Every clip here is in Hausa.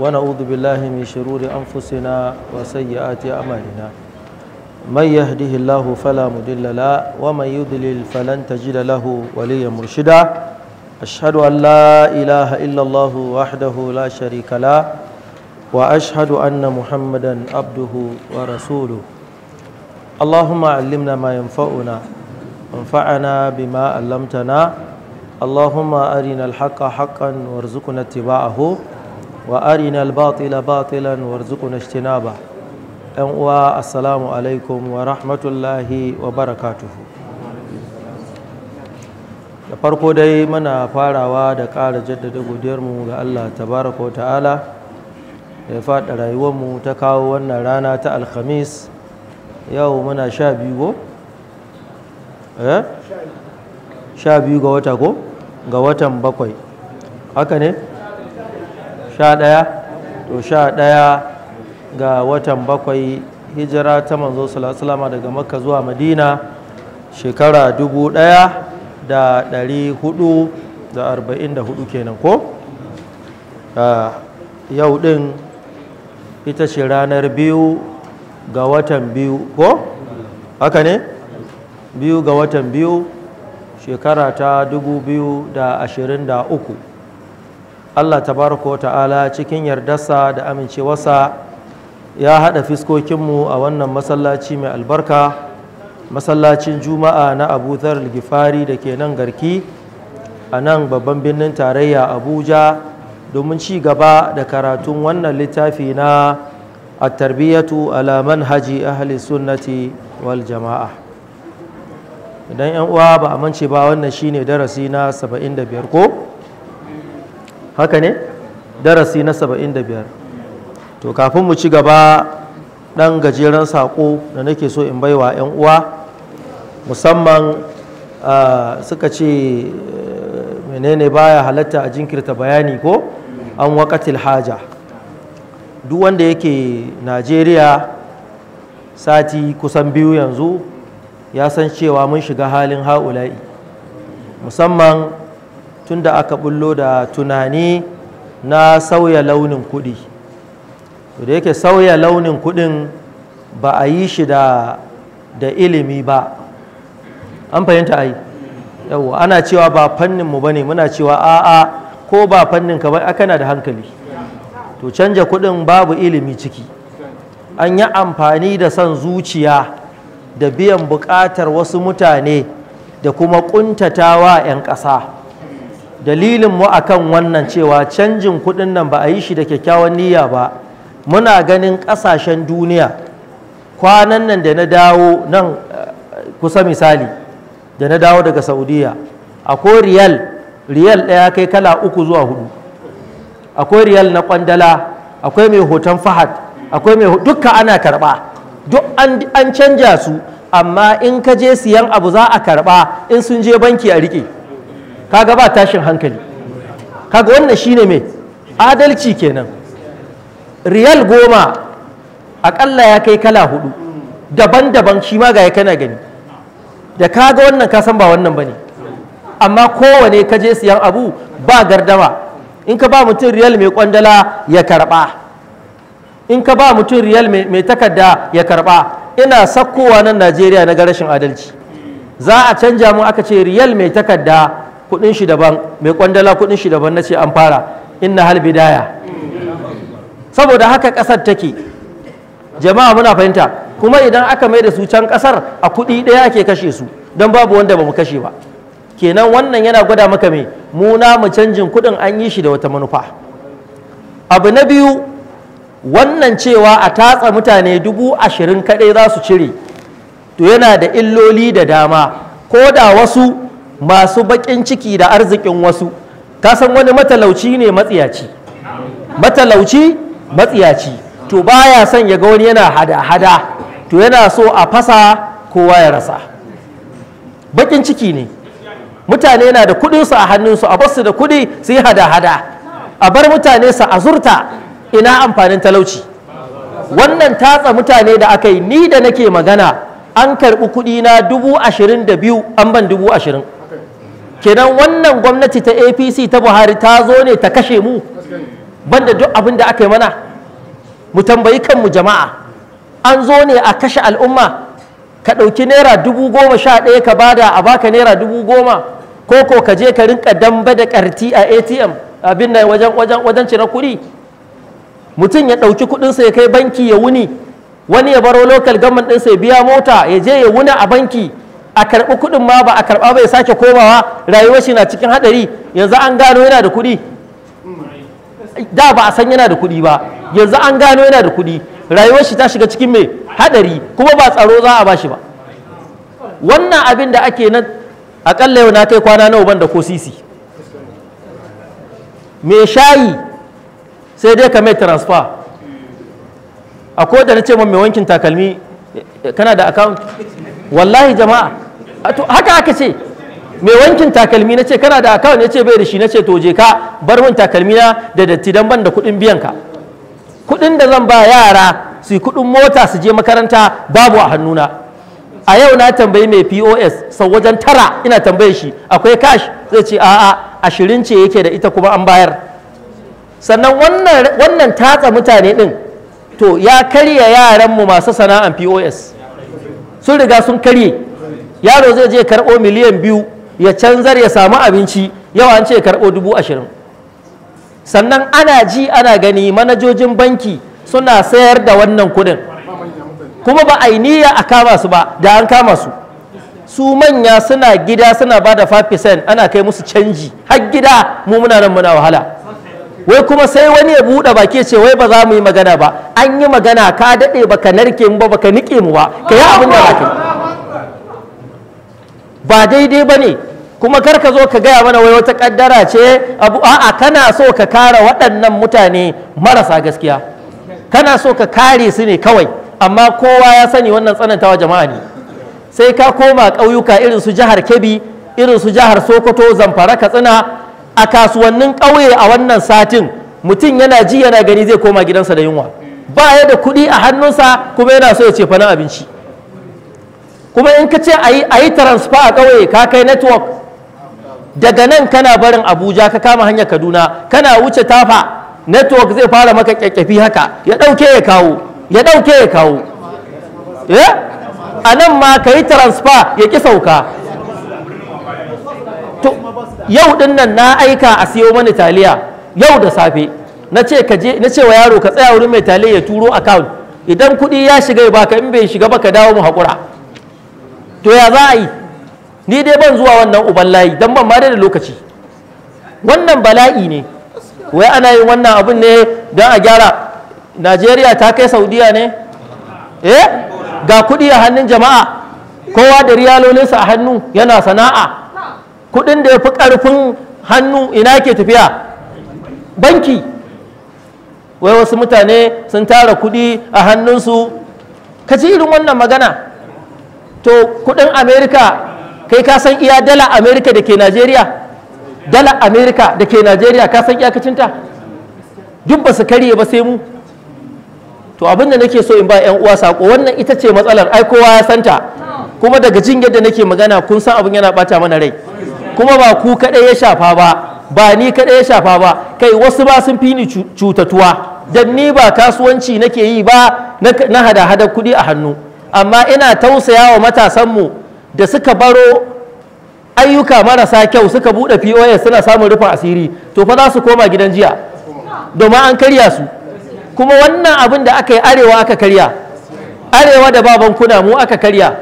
ونعوذ بالله من شرور أنفسنا وسيئات أعمالنا من يهده الله فلا مضل له ومن يضلل فلن تجد له وليا مرشدا أشهد أن لا إله إلا الله وحده لا شريك له وأشهد أن محمدا عبده ورسوله اللهم علمنا ما ينفعنا وانفعنا بما علمتنا اللهم أرنا الحق حقا وارزقنا اتباعه wa arina al-batila batilan warzuqna ijtinaba yan uwa assalamu alaikum wa rahmatullahi wa da farko dai muna farawa da ƙara jaddada godiyarmu ga Allah tabaraka wa ta'ala da ya faɗa rayuwarmu ta kawo wannan rana ta alhamis yau muna sha biyu eh? sha biyu ga wata ko ga watan bakwai haka ne sha ɗaya to sha ɗaya ga watan bakwai hijira ta manzo salama daga makka zuwa madina shekara dubu ɗaya da ɗari hudu da arba'in da hudu kenan ko yau ɗin ita ce ranar biyu ga watan biyu ko haka ne biyu ga watan biyu shekara ta dubu biyu da ashirin da uku Allah tabaraka ta'ala cikin yardarsa da amincewarsa ya haɗa fiskokinmu a wannan masallaci mai albarka masallacin juma'a na abu gifari da ke nan garki a nan babban birnin tarayya abuja domin ci gaba da karatun wannan littafi na a tarbiyyatu alaman haji ahli sunnati wal jama'a idan 'yan uwa ba a mance ba wannan shine darasi na 75 ko haka ne darasi na 75 to kafin mu ci gaba ɗan gajeren saƙo da nake so in baiwa 'yan uwa musamman suka ce eh, menene baya halatta a jinkirta bayani ko an waƙatil haja duk wanda yake najeriya sati kusan biyu yanzu ya san cewa mun shiga halin ha'ula'i musamman tunda aka bullo da tunani na sauya launin kudi da yake sauya launin kudin ba a yi shi da ilimi ba an fahimta ai yawo ana cewa ba fannin mu bane muna cewa a'a ko ba fannin ka ba na da hankali to canja kudin babu ilimi ciki an yi amfani da son zuciya da biyan bukatar wasu mutane da kuma kuntatawa 'yan ƙasa dalilin mu akan wannan cewa canjin kuɗin nan ba a yi shi da kyakkyawan niyya ba muna ganin ƙasashen duniya kwanan nan da na dawo nan eh, kusa misali da na dawo daga saudiya akwai riyal riyal ɗaya kai kala uku zuwa hudu akwai riyal na kwandala akwai mai hoton fahad akwai mai dukka ana karba duk an canja su amma in ka je siyan abu za a karɓa in sun je banki a riƙe kaga ba tashin hankali kaga wannan shine mai adalci kenan riyal goma akalla ya kai kala hudu daban-daban shi ma ga kana gani da kaga wannan ka san ba wannan bane amma kowane ka je siyan abu ba gardama in ka ba mutum riyal mai kwandala ya karba in ka ba mutum riyal mai takarda ya karba ina sakkowa nan najeriya na ga rashin adalci za a canja mu aka ce riyal mai takarda kudin shi daban mai kwandala kudin shi daban na ce an fara inna hal bidaya saboda haka kasar take jama'a muna fahimta kuma idan aka mai da su can kasar a kudi ɗaya ake kashe su don babu wanda ba mu kashe ba kenan wannan yana gwada maka mai, mu mu canjin kudin an yi shi da wata manufa abu na biyu wannan cewa a tatsa mutane dubu ashirin kadai za su cire to yana da illoli da dama ko da wasu masu baƙin ciki da arzikin wasu ka san wani matalauci ne matsiyaci matalauci matsiyaci to baya son ya ga wani yana hada-hada to yana so a fasa kowa ya rasa baƙin ciki ne mutane na da kuɗinsu a hannunsu a basu da kuɗi su yi hada-hada a bar mutane su azurta ina amfanin talauci wannan tatsa mutane da aka yi ni da nake magana an karɓi kuɗi na dubu ashirin da biyu an ban dubu ashirin kenan wannan gwamnati ta apc ta buhari ta zo ne ta kashe mu banda duk abin da aka yi mana mu tambayi kanmu jama'a an zo ne a kashe al'umma ka ɗauki naira dubu goma sha ɗaya ka bada a baka naira dubu goma ko ko ka je ka rinka damba da karti a atm abin nan wajen wajen wajen cire kuɗi mutum ya ɗauki sa ya kai banki ya wuni wani ya baro local government sa ya biya mota ya je ya wuna a banki a karɓi kuɗin ma ba a karɓa bai sake komawa rayuwar shi na cikin haɗari yanzu an gano yana da kuɗi da ba a san yana da kuɗi ba yanzu an gano yana da kuɗi rayuwar shi ta shiga cikin mai haɗari kuma ba tsaro za a bashi ba wannan abin da ake nan akalla yau na kai kwana nawa ban da ko sisi mai shayi sai dai ka mai transfer a da na ce mai wankin takalmi kana da account wallahi jama'a to haka aka ce mai wankin takalmi na ce kana da akawun ya ce bai da shi na ce to je ka bar min takalmi na da datti don ban da kuɗin biyan ka kuɗin da zan ba yara su kuɗin mota su je makaranta babu a hannuna a yau na tambayi mai pos sau wajen tara ina tambaye shi akwai kash zai ce a'a ashirin ce yake da ita kuma an bayar sannan wannan tatsa mutane ɗin to ya karya yaranmu masu sana'an pos sun riga sun karye yaro zai je karɓo miliyan biyu ya canzar ya samu abinci yawa an ce karɓo dubu ashirin sannan ana ji ana gani manajojin banki suna sayar da wannan kudin kuma ba a niyya a kama su ba da an kama su su manya suna gida suna ba da 5% ana kai musu canji har gida mu muna nan muna wahala wai kuma sai wani ya buɗe baki ce wai ba za mu yi magana ba an yi magana ka daɗe baka narke mu ba baka niƙe mu ba ka yi abin da ba ba daidai ba ne kuma kar ka zo ka gaya mana wai wata kaddara ce abu a'a kana so ka kare waɗannan mutane marasa gaskiya kana so ka kare su ne kawai amma kowa ya sani wannan tsanantawa jama'a ne sai ka koma ƙauyuka irin su jihar kebbi irin su jihar sokoto zamfara katsina a kasuwannin ƙauye a wannan satin mutum yana ji yana gani zai koma gidansa da yunwa ba ya da kuɗi a hannunsa kuma yana so ya ce fana abinci kuma in ka ce a yi transfer a ƙauye ka kai network daga nan kana barin abuja ka kama hanyar kaduna kana wuce tafa network zai fara maka kyakkyafi haka ya ɗauke ya kawo ya ɗauke ya kawo eh? a nan ma ka yi transfer ya ƙi sauka yau ɗin nan na aika a siyo mani taliya yau da safe na ce wa yaro ka tsaya wurin mai taliya ya turo account idan kuɗi ya shiga ya baka in bai shiga ba ka dawo mu haƙura to ya za a yi ni dai ban zuwa wannan uban layi don ban ma da lokaci wannan bala'i ne wai ana yin wannan abin ne don a gyara najeriya ta kai saudiya ne eh ga kuɗi a hannun jama'a kowa da riyalolinsa a hannu yana sana'a kuɗin da ya fi ƙarfin hannu ina ke tafiya banki wai wasu mutane sun tara kuɗi a hannunsu ka ci irin wannan magana to kudin america kai ka san iya dala america da ke najeriya dala america da ke najeriya ka san iyakacinta duk ba su karye ba sai mu to abin da nake so in ba 'yan uwa sako wannan ita ce matsalar ai kowa ya santa kuma daga jin yadda nake magana kun san abin yana bata mana rai kuma ba ku kadai ya shafa ba ba ni kadai ya shafa ba kai wasu ba sun fini cutatuwa dan ni ba kasuwanci nake yi ba na hada-hada kuɗi a hannu amma ina tausaya wa matasanmu da suka baro ayyuka marasa kyau suka buɗe pos suna samun rufin asiri to fa za su koma gidan jiya domin an karya su kuma wannan abin da aka yi arewa aka karya arewa da baban kuna mu aka karya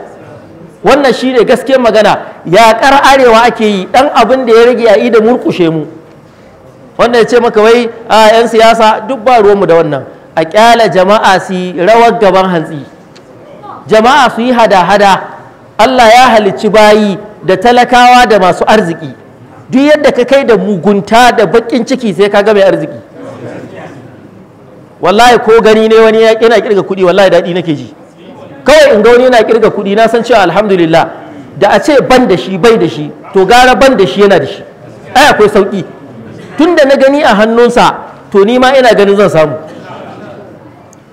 wannan shine gaskiyar magana yaƙar arewa ake yi ɗan abin da ya rage a da murkushe mu Wannan ya ce maka wai a ah, 'yan siyasa duk ba ruwanmu da wannan a ƙyala jama'a su rawar gaban hantsi jama'a su yi hada-hada Allah ya halicci bayi da talakawa da masu arziki duk yadda ka kai da mugunta da baƙin ciki sai ka ga mai arziki wallahi ko gani ne wani ya yana kirga kuɗi wallahi daɗi nake ji kawai in ga wani yana kirga kuɗi na san cewa alhamdulillah da a ce ban da shi bai da shi to gara ban da shi yana da shi ai akwai sauki tunda na gani a hannunsa to ni ma ina ganin zan samu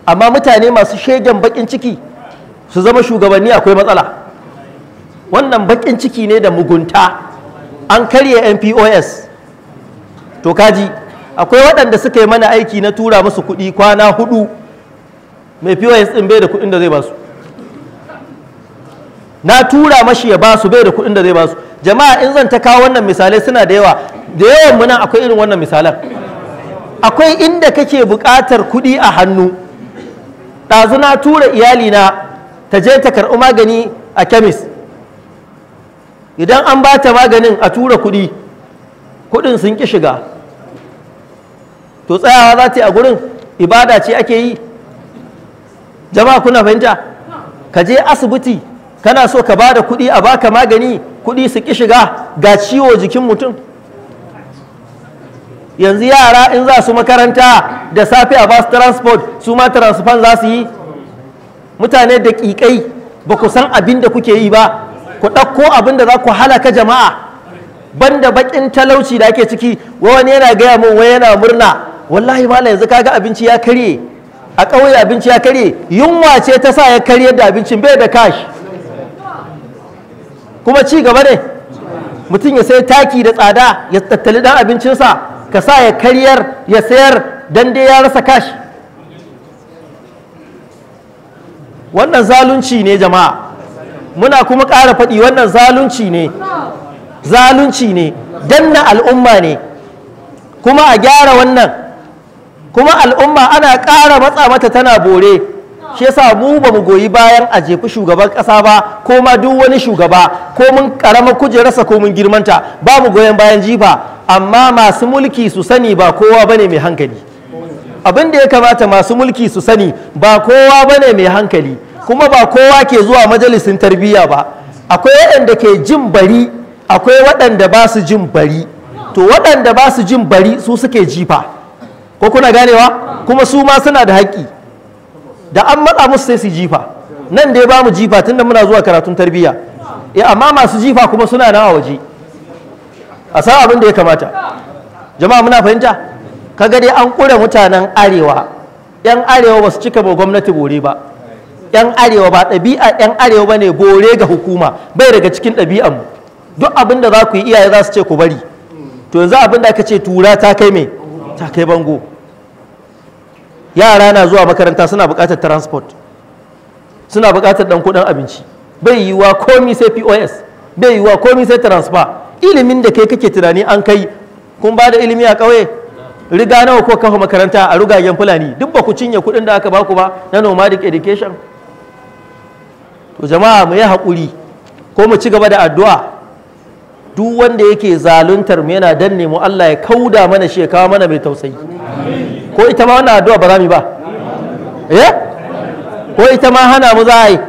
amma mutane masu shegen baƙin ciki su zama shugabanni akwai matsala wannan bakin ciki ne da mugunta an karye npos to kaji akwai waɗanda suka yi mana aiki na tura musu kuɗi kwana hudu mai pos ɗin bai da kuɗin da zai basu na tura mashi ya basu bai da kuɗin da zai basu jama'a in zan ta kawo wannan misalai suna da yawa da yawan muna akwai irin wannan misalan akwai inda kake buƙatar kuɗi a hannu ɗazu na tura iyalina ta je ta karɓi magani a kemis idan an ba ta maganin a tura kuɗi kuɗin sun ƙi shiga to tsayawa za ta yi a gurin ibada ce ake yi jama'a kuna fahimta ka je asibiti kana so ka ba da kuɗi a baka magani kuɗi su ƙi shiga ga ciwo jikin mutum yanzu yara in za su makaranta da safe a ba su transport su ma transport za su yi mutane da ƙiƙai ba ku san abin da kuke yi ba ku ɗauko abin da za ku halaka jama'a banda baƙin talauci da ake ciki wani yana gaya min wai yana murna wallahi malam yanzu kaga abinci ya karye a ƙauye abinci ya karye yunwa ce ta sa ya karye da abincin bai da kashi kuma ci gaba ne mutum ya sai taki da tsada ya tattali dan abincinsa ka sa ya karyar ya sayar dan dai ya rasa kashi wannan zalunci ne jama'a muna kuma ƙara faɗi wannan zalunci ne zalunci ne danna al'umma ne kuma a gyara wannan kuma al'umma ana ƙara matsa mata tana bore shi yasa mu ba mu goyi bayan a jefi shugaban ƙasa ba ko ma duk wani shugaba ko mun ƙaramar kujerarsa ko mun girmanta ba mu goyon bayan jifa amma masu mulki su sani ba kowa ba ne mai hankali abin da ya kamata masu mulki su sani ba kowa ba ne mai hankali kuma ba kowa ke zuwa majalisin tarbiyya ba akwai waɗanda ke jin bari akwai waɗanda ba su jin bari to waɗanda ba su jin bari su suke jifa ko kuna ganewa kuma su ma suna da haƙƙi da an matsa musu sai su jifa nan dai ba mu jifa tunda muna zuwa karatun tarbiyya e amma masu jifa kuma suna nan a waje a san abin da ya kamata jama'a muna fahimta kaga dai an ƙure mutanen arewa yan arewa ba su cika ba gwamnati bore ba 'yan arewa ba ɗabi'a 'yan arewa ba ne bore ga hukuma bai daga cikin mu duk abin da za ku yi iyaye za su ce ku bari to yanzu abin da aka ce tura ta kai me ta kai bango yara na zuwa makaranta suna buƙatar transport suna buƙatar ɗan kuɗin abinci bai yiwuwa komi sai pos bai yiwuwa komi sai transfer ilimin da kai kake tunani an kai kun ba da ilimi a ƙauye riga nawa ko kafa makaranta a rugagen fulani duk ba ku cinye kuɗin da aka baku ba na nomadic education to jama'a mu yi haƙuri ko mu ci gaba da addu'a duk wanda yake zaluntar mu yana danne mu Allah ya kauda mana shi ya kawo mana mai tausayi ko ita ma wannan addu'a ba za mu ba eh ko ita ma hana mu za yi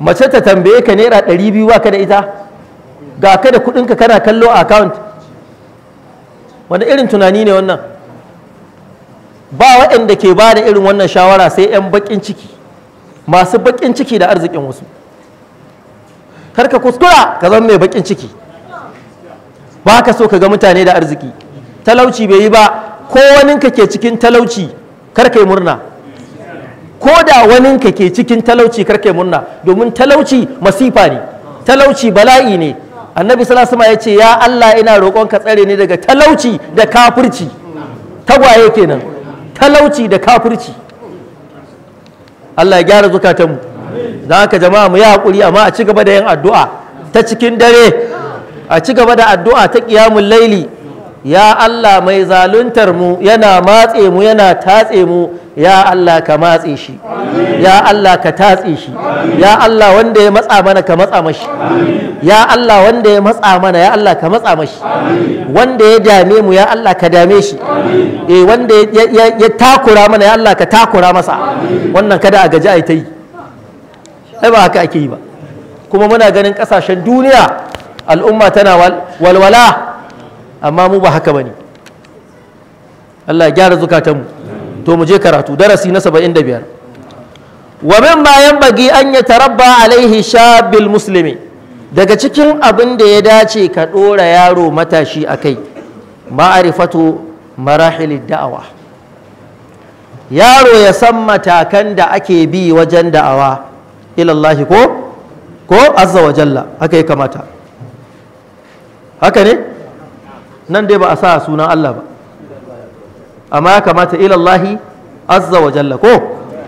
mace ta tambaye ka naira ɗari biyu ba ka da ita ga ka da kuɗinka kana kallo a account wani irin tunani ne wannan ba waɗanda ke ba da irin wannan shawara sai 'yan baƙin ciki masu baƙin ciki da arzikin wasu karka kuskura ka zama mai baƙin ciki ba ka so ka ga mutane da arziki talauci bai yi ba ko waninka ke cikin talauci karka yi murna ko da waninka ke cikin talauci karka yi murna domin talauci masifa ne talauci bala'i ne annabi salasama ya ce ya allah ina roƙon ka tsare ni daga talauci da kafirci tagwaye kenan talauci da kafirci Allah ya gyara zukatanmu Za ka jama'a mu yi haƙuri amma a ci gaba da yin addu'a ta cikin dare a cigaba da addu'a ta ƙiyamun laili ya Allah mai zaluntar mu yana matse mu yana tatse mu ya Allah ka matse shi ya Allah ka tatse shi ya Allah wanda ya matsa mana ka matsa mashi ya Allah wanda ya matsa mana ya Allah ka matsa mashi wanda ya dame mu ya Allah ka dame shi eh wanda ya takura mana ya Allah ka takura masa wannan kada a gaji ai ta yi ai ba haka ake yi ba kuma muna ganin kasashen duniya al'umma tana walwala amma mu ba haka bane Allah ya gyara zukatanmu to mu je karatu darasi na saba'in 75 wa bayan bagi an tarabba alaihi shabil muslimi daga cikin abin da ya dace ka ɗora yaro matashi akai ma'arifatu marahilin da'awa yaro ya san matakan da ake bi wajen da'awa ilallahi ko ko azza wa jalla haka ya kamata haka ne nan dai ba a sa sunan Allah ba amma ya kamata ilallahi azza wa jalla ko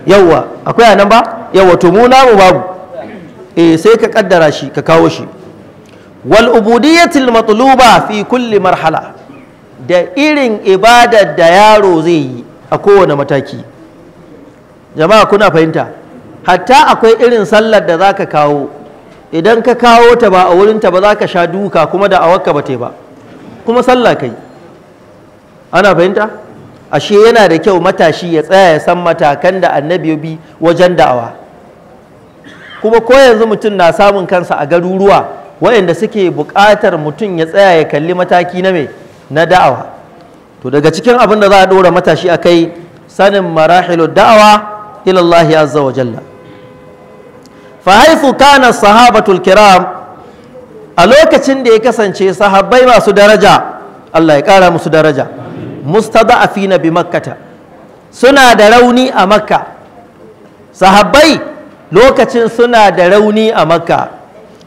yawwa akwai anan ba yawwa to mu namu babu eh sai ka kaddara shi ka kawo shi wal ubudiyatil matluba fi kulli marhala da irin ibadar da yaro zai yi a kowane mataki jama'a kuna fahimta hatta akwai irin sallar da zaka kawo idan ka kawo ta ba a wurinta ba za ka sha duka kuma da awakka ba te ba kuma sallah kai ana fahimta ashe yana da kyau matashi ya tsaya ya san matakan da annabi bi wajen da'awa kuma ko yanzu mutum na samun kansa a garuruwa waɗanda suke buƙatar mutum ya tsaya ya kalli mataki na mai na da'awa to daga cikin abin da za a ɗora matashi a kai sanin marahilu da'awa ilallahi azza wa jalla fa haifu kana sahabatul kiram a lokacin da ya kasance sahabbai masu daraja Allah ya kara musu daraja mustada'afina bi makkata suna da rauni a makka sahabbai lokacin suna da rauni a makka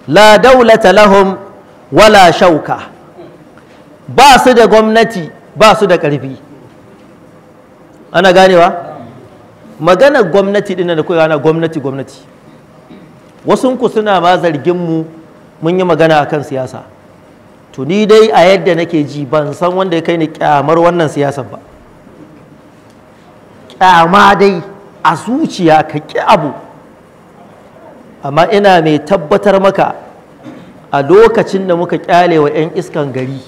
la daulata lahum wala shauka ba su da gwamnati ba su da ƙarfi ana ganewa maganar gwamnati ɗin da kuwa na gwamnati gwamnati wasunku suna ma zargin mu mun yi magana akan siyasa to ni dai a yadda nake ji ban san wanda ya kai ni kyamar wannan siyasar ba kyama dai a zuciya ka ƙi abu amma ina mai tabbatar maka a lokacin da muka kyale wa 'yan iskan gari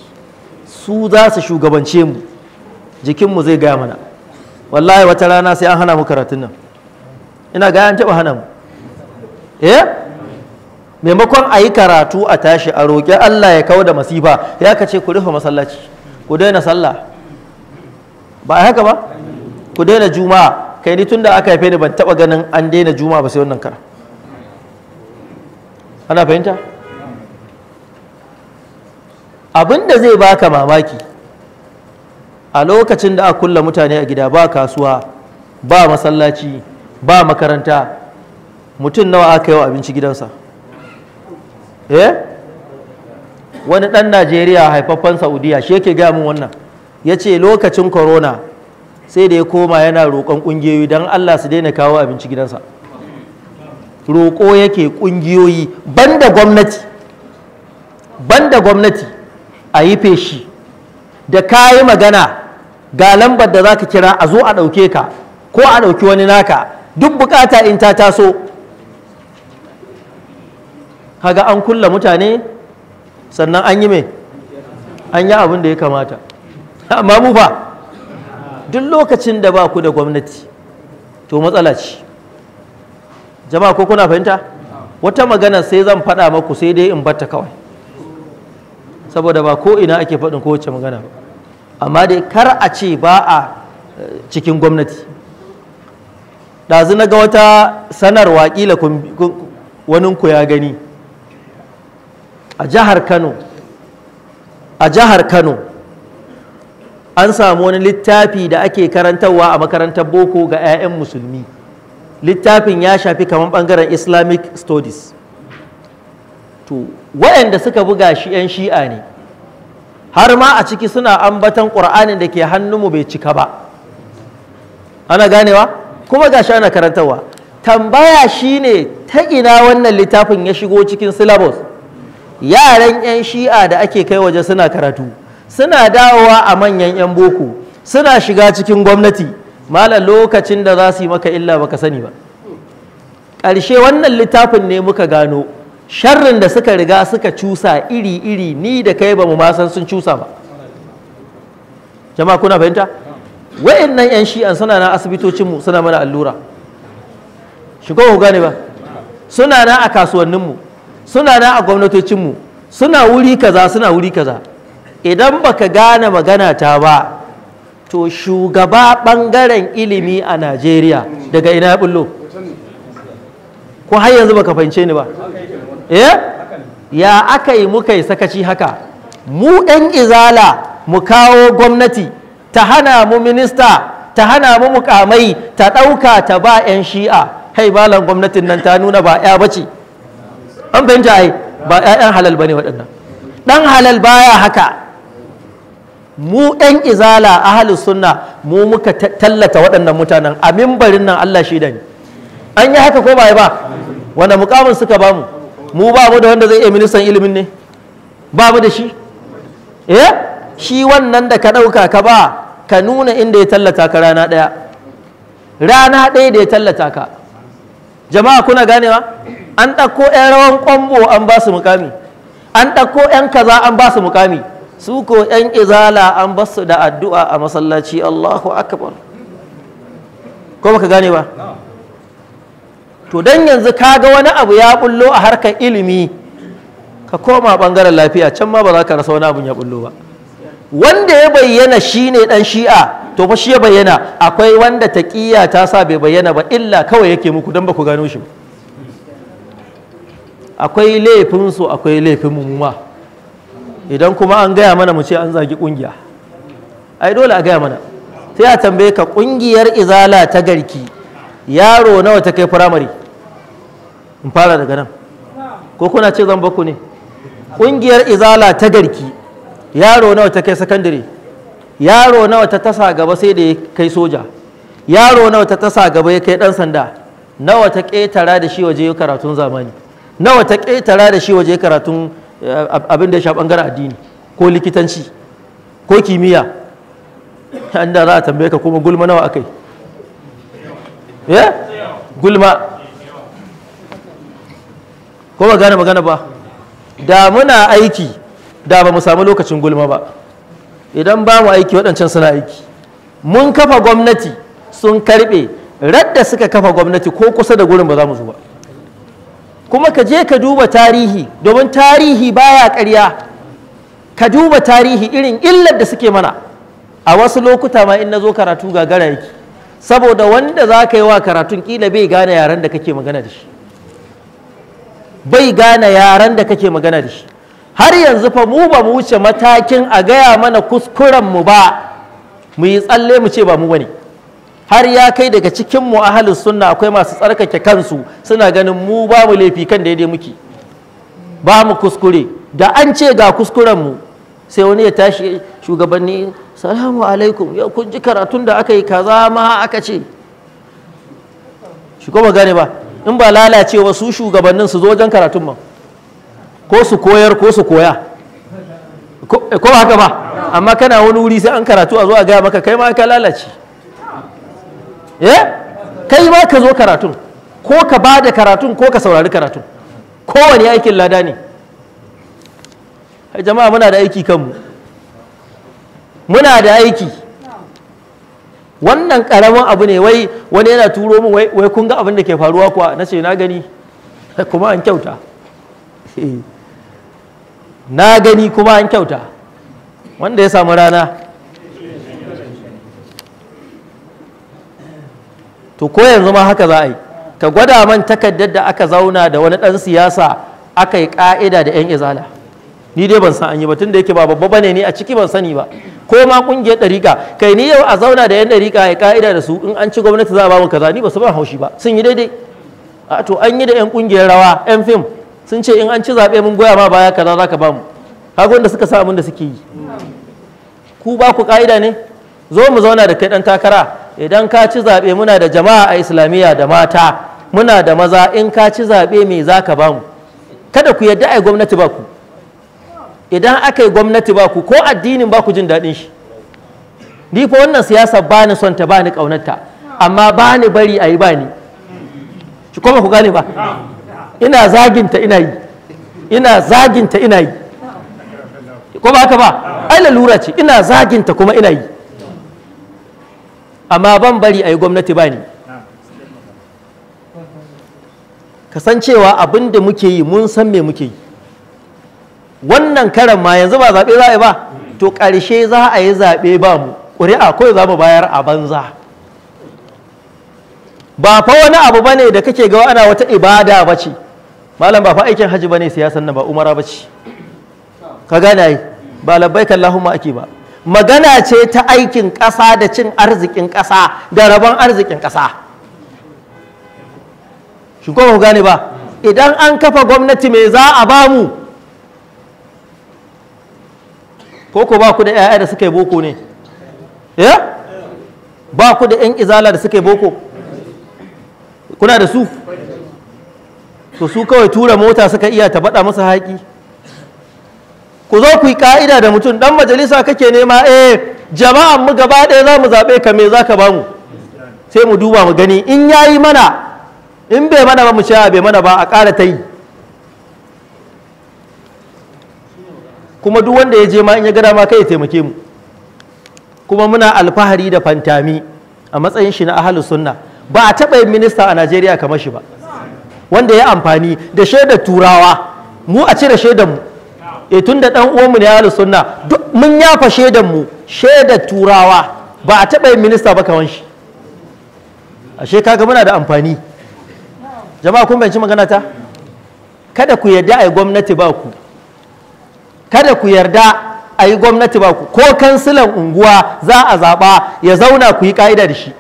su za su shugabance mu jikinmu zai gaya mana wallahi wata rana sai an hana mu karatun nan ina gaya an taɓa hana mu eh maimakon a yi karatu a tashi a roƙi Allah ya kawo da masifa ya ka ce ku rufe masallaci ku daina sallah ba a haka ba ku daina juma'a kai ni tun da aka haife ni ban taɓa ganin an daina juma'a ba sai wannan kara ana fahimta abin da zai baka mamaki a lokacin da aka kulla mutane a gida ba kasuwa ba masallaci ba makaranta mutum nawa aka yi wa abinci gidansa eh wani dan najeriya haifaffen saudiya shi yake gaya min wannan ya ce lokacin corona sai da ya koma yana roƙon ƙungiyoyi don allah su daina kawo abinci gidansa roƙo yake ƙungiyoyi banda gwamnati banda gwamnati a yi feshi da kayi magana ga lambar da za ka kira a zo a ɗauke ka ko a ɗauki wani naka duk bukata in ta taso kaga an kulla mutane sannan an yi mai an yi abin da ya kamata amma mu fa duk lokacin da ba ku da gwamnati to matsala ce jama'a ko kuna fahimta wata magana sai zan faɗa maku sai dai in batta kawai saboda ba ko ina ake faɗin kowace magana ba amma dai kar a ce ba a eh, cikin gwamnati ɗazu na ga wata sanarwa ƙila wani ku ya gani a jihar kano a jihar kano an samu wani littafi da ake karantarwa a makarantar boko ga 'ya'yan musulmi littafin ya shafi kamar bangaren islamic studies to waɗanda suka buga shi 'yan shi'a ne har ma a ciki suna ambatan ƙur'anin da ke hannunmu bai cika ba ana ganewa kuma ga shi ana karantarwa tambaya shine ta ina wannan littafin ya shigo cikin syllabus yaran 'yan shi'a da ake kai waje suna karatu suna dawowa a manyan 'yan boko suna shiga cikin gwamnati malam lokacin da za su yi maka illa baka sani ba ƙarshe wannan littafin ne muka gano sharrin da suka riga suka cusa iri-iri ni da kai ba mu ma san sun cusa ba jama'a kuna fahimta wa'annan 'yan shi'an suna na asibitocinmu suna mana allura shigo ku gane ba suna na a kasuwanninmu suna nan a gwamnatocinmu suna wuri kaza suna wuri kaza idan baka gane magana ta ba to shugaba ɓangaren ilimi a najeriya daga ina bullo ko har yanzu baka fahimce ni ba eh? ya aka yi muka yi sakaci haka mu ɗan izala mu kawo gwamnati ta hana mu minista ta hana mu mukamai ta ɗauka ta ba 'yan shi'a hai malam gwamnatin nan ta nuna ba 'ya bace an fahimta ai ba 'ya'yan halal ba ne waɗannan ɗan halal baya haka mu ɗan izala ahli sunna mu muka tallata waɗannan mutanen a mimbarin nan Allah shi da ni an yi haka ko ba ba wanda mukamin suka ba mu mu ba mu da wanda zai iya ministan ilimin ne ba mu da shi eh shi wannan da ka ɗauka ka ba ka nuna inda ya tallata ka rana ɗaya rana ɗaya da ya tallata ka jama'a kuna ganewa an ɗauko 'yan rawan ƙwambo an ba su mukami an ɗauko 'yan kaza an ba su mukami su ko 'yan izala an ba su da addu'a a masallaci allahu akbar ko ka gane ba to don yanzu ka ga wani abu ya bullo a harkar ilimi ka koma ɓangaren lafiya can ma ba za ka rasa wani abu ya bullo ba wanda ya bayyana shi ne ɗan shi'a to fa shi ya bayyana akwai wanda taƙiyya ta sa bai bayyana ba illa kawai yake muku dan ba ku gano shi ba akwai laifinsu akwai laifin mummuwa idan kuma an gaya mana mu ce an zagi kungiya ai dole a gaya mana sai a tambaye ka kungiyar izala ta garki yaro nawa ta kai firamare in fara daga nan ko kuna ce zan baku ne kungiyar izala ta garki yaro nawa ta kai sakandare yaro nawa ta tasa gaba sai da ya kai soja yaro nawa ta tasa gaba ya kai dan sanda nawa ta ketara da shi waje karatun zamani nawa ta ƙetara da shi waje karatun eh, abin da ya sha ɓangaren addini ko likitanci ko kimiyya an za a tambaye ka kuma gulma nawa akai ya eh? gulma ko ba gane magana ba da muna aiki da ba mu samu lokacin gulma ba idan ba mu aiki waɗancan suna aiki mun kafa gwamnati sun karɓe radda suka kafa gwamnati ko kusa da gurin ba za mu zo ba kuma ka je ka duba tarihi domin tarihi baya ƙarya ka duba tarihi irin illar da suke mana a wasu lokuta ma in na zo karatu gagara yake saboda wanda za ka yi wa karatun kila bai gane yaren da kake magana da shi bai gane yaren da kake magana da shi har yanzu fa mu ba mu wuce matakin a gaya mana kuskuren mu ba mu yi tsalle mu ce ba mu bane har ya kai daga cikin mu ahalin sunna akwai masu tsarkake kansu suna ganin mu ba mu laifi kan daidai muke ba mu kuskure da an ce ga kuskuren mu sai wani ya tashi shugabanni salamu alaikum ya kun ji karatun da aka yi kaza ma aka ce shi kuma gane ba in ba lalacewa su shugabannin su zo wajen karatun ma ko su koyar ko su koya ko eh, haka ba amma kana wani wuri sai an karatu a zo a gaya maka kai ma ka lalace Eh? kai ma ka zo karatun ko ka ba da karatun ko ka saurari karatun kowane aikin lada ne jama'a muna da aiki kanmu muna da aiki wannan karamin abu ne wai wani yana turo min wai kun ga abin da ke faruwa kuwa na ce na gani kuma an kyauta na gani kuma an kyauta wanda ya samu rana to ko yanzu ma haka za a yi ka gwada man takardar da aka zauna da wani ɗan siyasa aka yi ƙa'ida da 'yan izala ni dai ban san an yi ba tun da yake ba babba bane ni a ciki ban sani ba ko ma ƙungiyar ɗariƙa, kai ni yau a zauna da 'yan ɗarika ya ƙa'ida da su in an ci gwamnati za a ba mu kaza ni ba su ban haushi ba sun yi daidai a to an yi da 'yan kungiyar rawa 'yan fim sun ce in an ci zaɓe mun goya ma baya kaza za ka ba mu kaga wanda suka sa abin da suke yi ku ba ku ƙa'ida ne zo mu zauna da kai ɗan takara idan ka ci zaɓe muna da jama'a a islamiyya da mata muna da maza in ka ci zaɓe me za ka bamu kada ku yadda ai gwamnati ba ku idan aka yi gwamnati ba ku ko addinin ba ku jin daɗin shi ni fa wannan siyasa ba ni son ta ba ni ƙaunarta amma ba ni bari a yi ba ni shi kuma ku gane ba ina zaginta ina yi ina zaginta ina yi ko ba haka ba ai lalura ce ina zaginta kuma ina yi amma ban bari a yi gwamnati ba ne kasancewa abin da muke yi mun san me muke yi wannan karan ma yanzu ba zaɓe za a yi ba to ƙarshe za a yi zaɓe ba mu ƙuri'a kawai za mu bayar a banza ba fa wani abu bane da kake gawa ana wata ibada ba ce malam ba fa aikin hajji bane siyasan nan ba umara ba ce ka gane ba labbaik allahumma ake ba magana ce ta aikin ƙasa da cin arzikin ƙasa da rabon arzikin ƙasa shi kuma gane ba idan an kafa gwamnati mai za a bamu? ko ko ba ku da 'ya'ya da suka yi boko ne eh? ba ku da 'yan izala da suka yi boko kuna da su to su kawai tura mota suka iya ta baɗa musu haƙi ku zo ku yi ka'ida da mutum dan majalisa kake nema eh jama'an mu gaba ɗaya za mu zaɓe ka me za ka ba mu sai mu duba mu gani in ya yi mana in bai mana ba mu sha bai mana ba a ƙara ta yi kuma duk wanda ya je ma in ya gada ma kai ya taimake mu kuma muna alfahari da fantami a matsayin shi na ahalus sunna ba a taɓa yin minista a najeriya kamar shi ba wanda ya amfani da shaidar turawa mu a cire shaidar mu e eh, tun da ɗan uwanmu ne ahlus sunna duk mun yafa shaidan mu shaidar turawa ba a taɓa yin minista ba kawan shi ashe kaga muna da amfani jama'a kun bayanci magana ta kada ku yarda a yi gwamnati ba ku kada ku yarda a yi gwamnati ba ku ko kansilan unguwa za a zaɓa ya zauna ku yi ƙa'ida da shi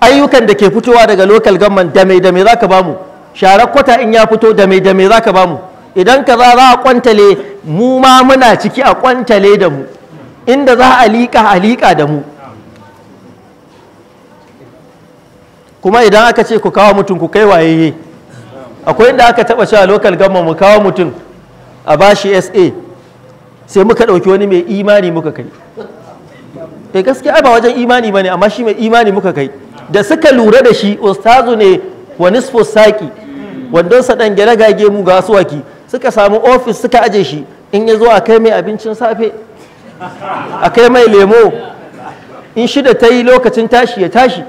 ayyukan da ke fitowa daga lokal gamman da mai da mai za ka bamu sharar kwata in ya fito da mai da mai za ka bamu idan kaza za a kwantale mu ma muna ciki a kwantale da mu inda za a liƙa a liƙa da mu kuma idan aka ce ku kawo mutum ku kai wayeye akwai inda aka taɓa cewa lokal gama mu kawo mutum a bashi sa sai muka ɗauki wani mai imani muka kai e gaskiya ba wajen imani ba ne amma shi mai imani muka kai da suka lura da shi ustazu ne wani sfosaki wandonsa ɗan gyare gage mu ga waki. suka samu ofis suka aje shi in ya zo a kai mai abincin safe a kai mai lemo in shida ta yi lokacin tashi ya tashi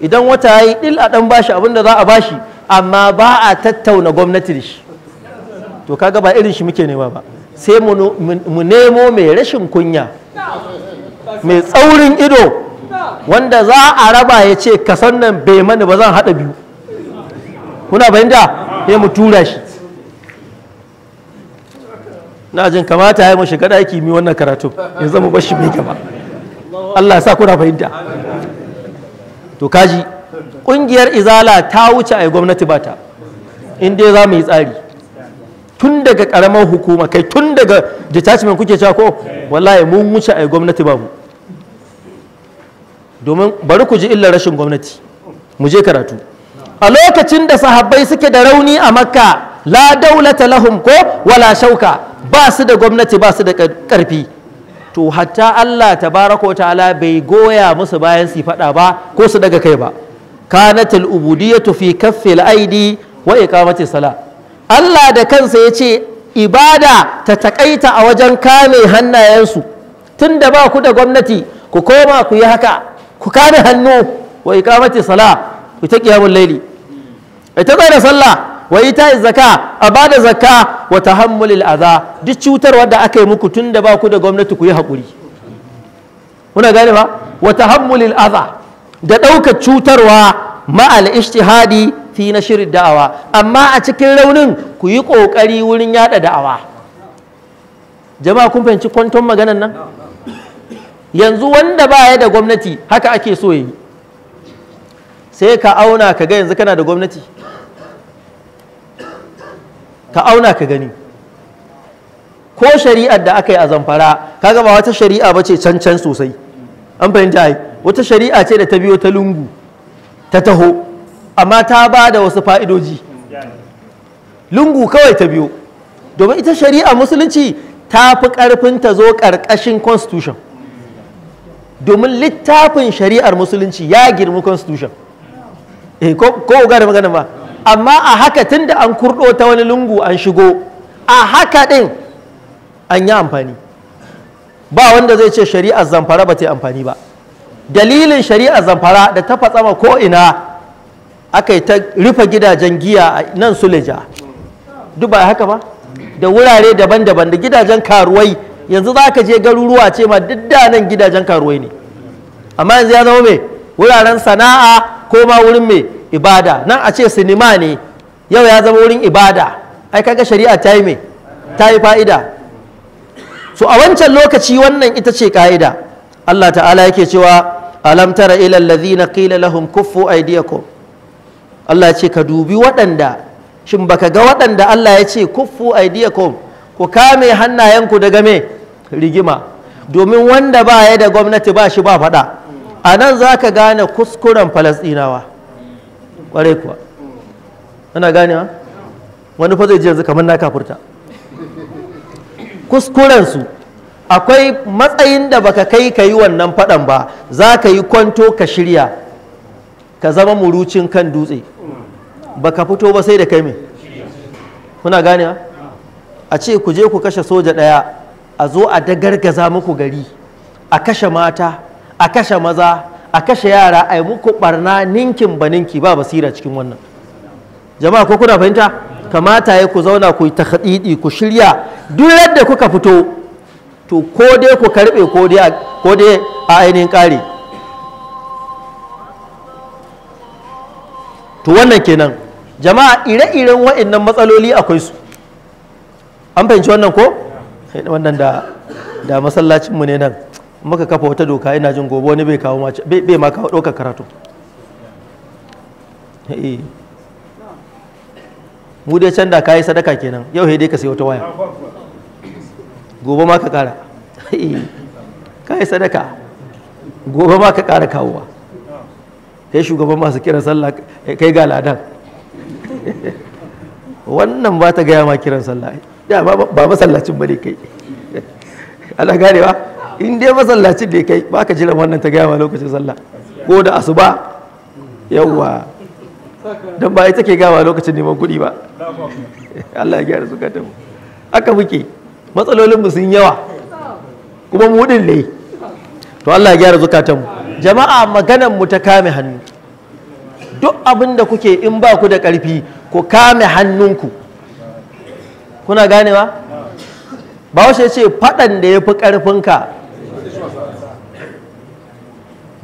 idan wata ya yi ɗil a ɗan bashi abinda za a bashi amma ba a tattauna gwamnati da shi to kaga ba irin shi muke nema ba sai mu nemo mai rashin kunya mai tsaurin ido wanda za a raba ya ce kasan nan bai mani ba zan haɗa biyu kuna bayan da ya mu tura shi na jin kamata ya yi mashi shiga ɗaki mi wannan karatu ya zama bashi mai gaba Allah sa kuna fahimta to kaji ƙungiyar izala ta wuce a gwamnati ba ta in dai za mu yi tsari tun daga karamar hukuma kai tun daga detachment kuke cewa ko wallahi mun wuce a gwamnati ba mu domin bari ku ji illar rashin gwamnati mu je karatu a lokacin da sahabbai suke da rauni a makka la daulata lahum ko wala shauka ba su da gwamnati ba su da ƙarfi to hatta Allah Ta barako ta'ala bai goya musu bayan su faɗa ba ko su daga kai ba kanatul ubudiyatu fi kaffil aidi wa iqamati sala Allah da kansa ya ce ibada ta takaita a wajen kame hannayensu tun da ba ku da gwamnati ku koma ku yi haka ku kame hannu wa iqamati sala ku ta qiyamul laili ita da sallah wa ita'iz zaka a ba da zaka wa tahammulil aza duk cutarwa da aka yi muku tun da ba ku da gwamnati ku yi hakuri kuna gane ba wa tahammulil aza da ɗauka cutarwa ma'al ijtihadi fi na shirin da'awa amma a cikin raunin ku yi ƙoƙari wurin yada da'awa jama'a kun fahimci kwanton maganan nan yanzu wanda ba ya da gwamnati haka ake so yi sai ka auna ka ga yanzu kana da gwamnati ka auna ka gani ko shari'ar da aka yi a zamfara kaga ba wata shari'a ba ce can can sosai an fahimta ai wata shari'a ce da ta biyo ta lungu ta taho amma ta ba da wasu fa'idoji lungu kawai ta biyo domin ita shari'a musulunci ta fi ƙarfin ta zo ƙarƙashin constitution domin littafin shari'ar musulunci ya girmi constitution eh, ko ga da magana ba amma a haka tun da an kurɗo ta wani lungu an shigo a haka ɗin an yi amfani ba wanda zai ce shari'ar zamfara ba ta amfani ba dalilin shari'ar zamfara da ta fatsama ko'ina aka yi ta rufe gidajen giya a nan suleja duk ba haka ba da wurare daban-daban da gidajen karuwai yanzu za ka je garuruwa ce ma duk da nan gidajen karuwai ne amma yanzu ya zama mai wuraren sana'a ko ma wurin mai ibada nan a ce sinima ne yau ya zama wurin ibada ai kaga shari'a ta yi ta yi fa'ida so a wancan lokaci wannan ita ce ka'ida Allah ta'ala yake cewa alam tara ila allazina qila lahum kuffu aydiyakum Allah ce ka dubi waɗanda shin baka ga waɗanda Allah ya ce kuffu aydiyakum ku kame hannayenku daga me rigima domin wanda ba ya da gwamnati ba shi ba faɗa a nan za ka gane kuskuren falasɗinawa Kware kuwa ana ganewa wani fa zai ji yanzu kamar na kafurta kuskurensu akwai matsayin da baka kai ka yi wannan faɗan ba za ka yi kwanto ka shirya ka zama murucin kan dutse baka fito ba sai da kai me kuna ganewa a ce ku je ku kashe soja ɗaya a zo a dagargaza muku gari a kashe mata a kashe maza a kashe yara a yi muku barna ninkin ba ninki ba basira cikin wannan jama'a ko kuna fahimta kamata ya ku zauna ku yi takhaɗiɗi ku shirya duk yadda kuka fito to ko dai ku karɓe ko dai a ainihin ƙari to wannan kenan jama'a ire-iren wa'annan matsaloli akwai su an fahimci wannan ko wannan da masallacinmu ne nan muka kafa wata doka yana jin gobe wani bai kawo bai ma kawo ɗaukar karatu eh. mu dai can da kayi sadaka kenan yau dai ka sai wata waya gobe ma ka kara eh. kayi sadaka gobe ma ka kara kawowa kai shugaban masu kiran sallah kai ga ladan wannan ba ta gaya ma kiran sallah ba masallacin bane kai ana ganewa in dai masallacin da kai ba ka jira wannan ta gaya ma lokacin sallah ko da asuba yawwa don ba ita ke gawa lokacin neman kuɗi ba Allah ya gyara su ka tamu aka muke matsalolin mu sun yawa kuma mu din ne to Allah ya gyara zukatan mu jama'a maganan mu ta kame hannu duk abin da kuke in ba ku da ƙarfi ku kame hannunku kuna ganewa ba washe ce faɗan da ya fi ƙarfinka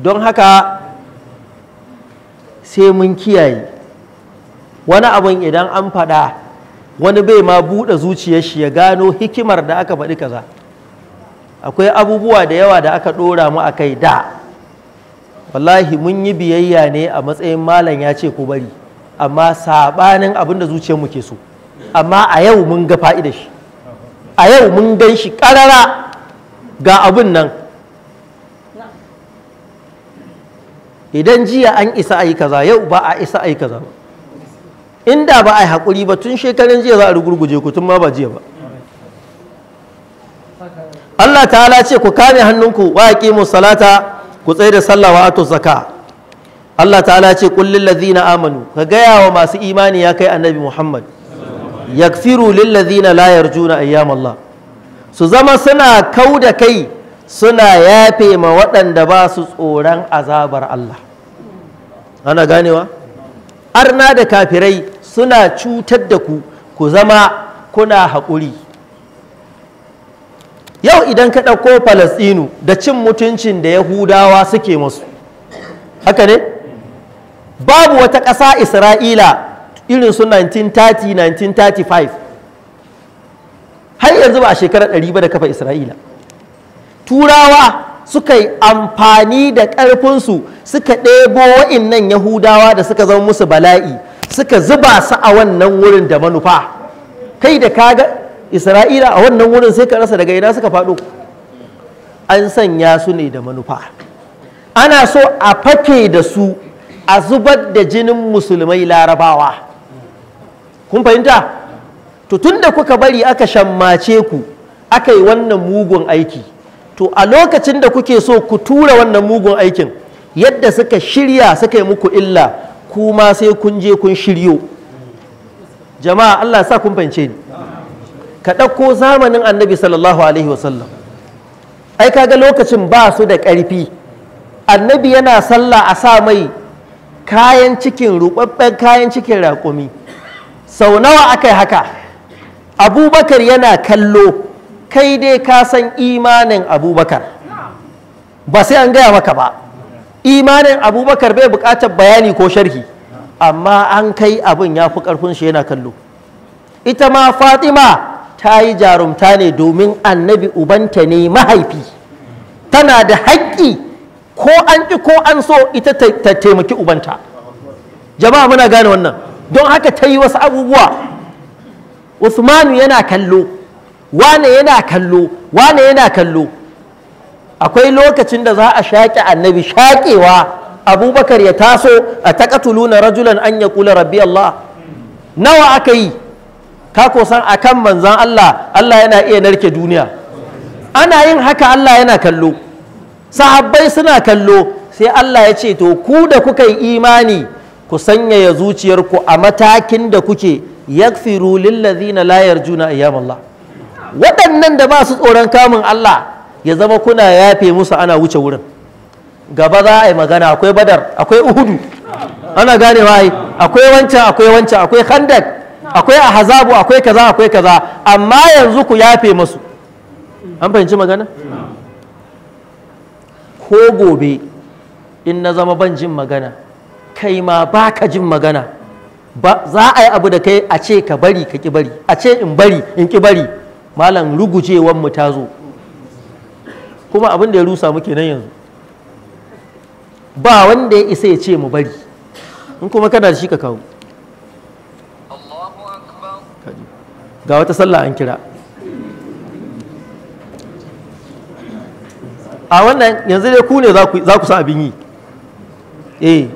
don haka sai mun kiyaye wani abin idan an faɗa wani bai ma buɗe zuciyar shi ya gano hikimar da aka faɗi kaza akwai abubuwa da yawa da aka ɗora mu a kai da wallahi mun yi biyayya ne a matsayin malam ya ce ku bari amma saɓanin abin da zuciyarmu ke so amma a yau mun ga fa'ida shi a yau mun gan shi ƙarara ga abin nan idan jiya an isa a yi kaza yau ba a isa a yi kaza ba inda ba a yi haƙuri ba tun shekarun jiya za a rugurguje ku tun ma ba jiya ba Allah ta'ala ce ku kame hannunku wa aqimu salata ku tsaye da sallah wa atu zaka Allah ta'ala ce ƙullin lil na amanu ka gaya wa masu imani ya kai annabi Muhammad yakfiru lil na la yarjuna ayyam su zama suna kau da kai suna yafe ma waɗanda ba su tsoron azabar Allah ana ganewa arna da kafirai suna cutar da ku ku zama kuna haƙuri yau idan ka ɗauko falastinu da cin mutuncin da yahudawa suke masu haka ne babu wata ƙasa isra'ila irin su 1930-1935 har yanzu ba a shekarar 100 ba da kafa isra'ila turawa suka yi amfani da ƙarfinsu suka ɗebo wa'innan yahudawa da suka zama musu bala'i suka zuba su a wannan wurin da manufa kai da kaga isra'ila a wannan wurin sai ka rasa daga ina suka faɗo an sanya su ne da manufa ana so a fake da su a zubar da jinin musulmai larabawa kun fahimta to tunda kuka bari aka shammace ku aka yi wannan mugun aiki to a lokacin da kuke so ku tura wannan mugun aikin yadda suka shirya suka yi muku illa kuma sai kun je kun shiryo jama'a Allah sa kun fahimce ni ka ɗauko zamanin annabi sallallahu alaihi wasallam ai kaga lokacin ba su da ƙarfi annabi yana sallah a sa mai kayan cikin ruɓaɓɓen kayan cikin raƙumi sau nawa aka yi haka abubakar yana kallo kai dai ka san imanin abubakar ba sai an gaya maka ba imanin abubakar bai buƙatar bayani ko sharhi amma an kai abin ya fi ƙarfin shi yana kallo ita ma fatima ta yi jarumta ne domin annabi ubanta ne mahaifi tana da haƙƙi ko an ƙi ko an so ita ta taimaki ubanta jama'a muna gane wannan don haka ta yi wasu abubuwa usmanu yana kallo wane yana kallo wane yana kallo akwai lokacin da za a shaƙe annabi shaƙewa abubakar ya taso a na rajulan an ya kula rabbi Allah nawa aka yi ka kusan a kan manzan Allah Allah yana iya narke duniya ana yin haka Allah yana kallo sahabbai suna kallo sai Allah ya ce to ku da kuka yi imani ku sanyaya zuciyarku a matakin da kuke yakfiru lillazina la yarjuna ayyamallah waɗannan da ba su tsoron kamun Allah ya zama kuna yafe musu ana wuce wurin gaba za a yi magana akwai badar akwai uhudu ana gane ai akwai wancan akwai wancan akwai khandak akwai hazabu, akwai kaza akwai kaza amma yanzu ku yafe musu an fahimci magana ko gobe in na zama ban jin magana kai ma baka jin magana za a yi abu da kai a ce ka bari ka ki bari a ce in bari in ki bari malam rugujewan mu ta zo kuma abin da ya rusa muke nan yanzu ba wanda ya isa ya ce mu bari in kuma kana da shi ka kawo ga wata sallah an kira a wannan yanzu dai ku ne za ku sa abin yi eh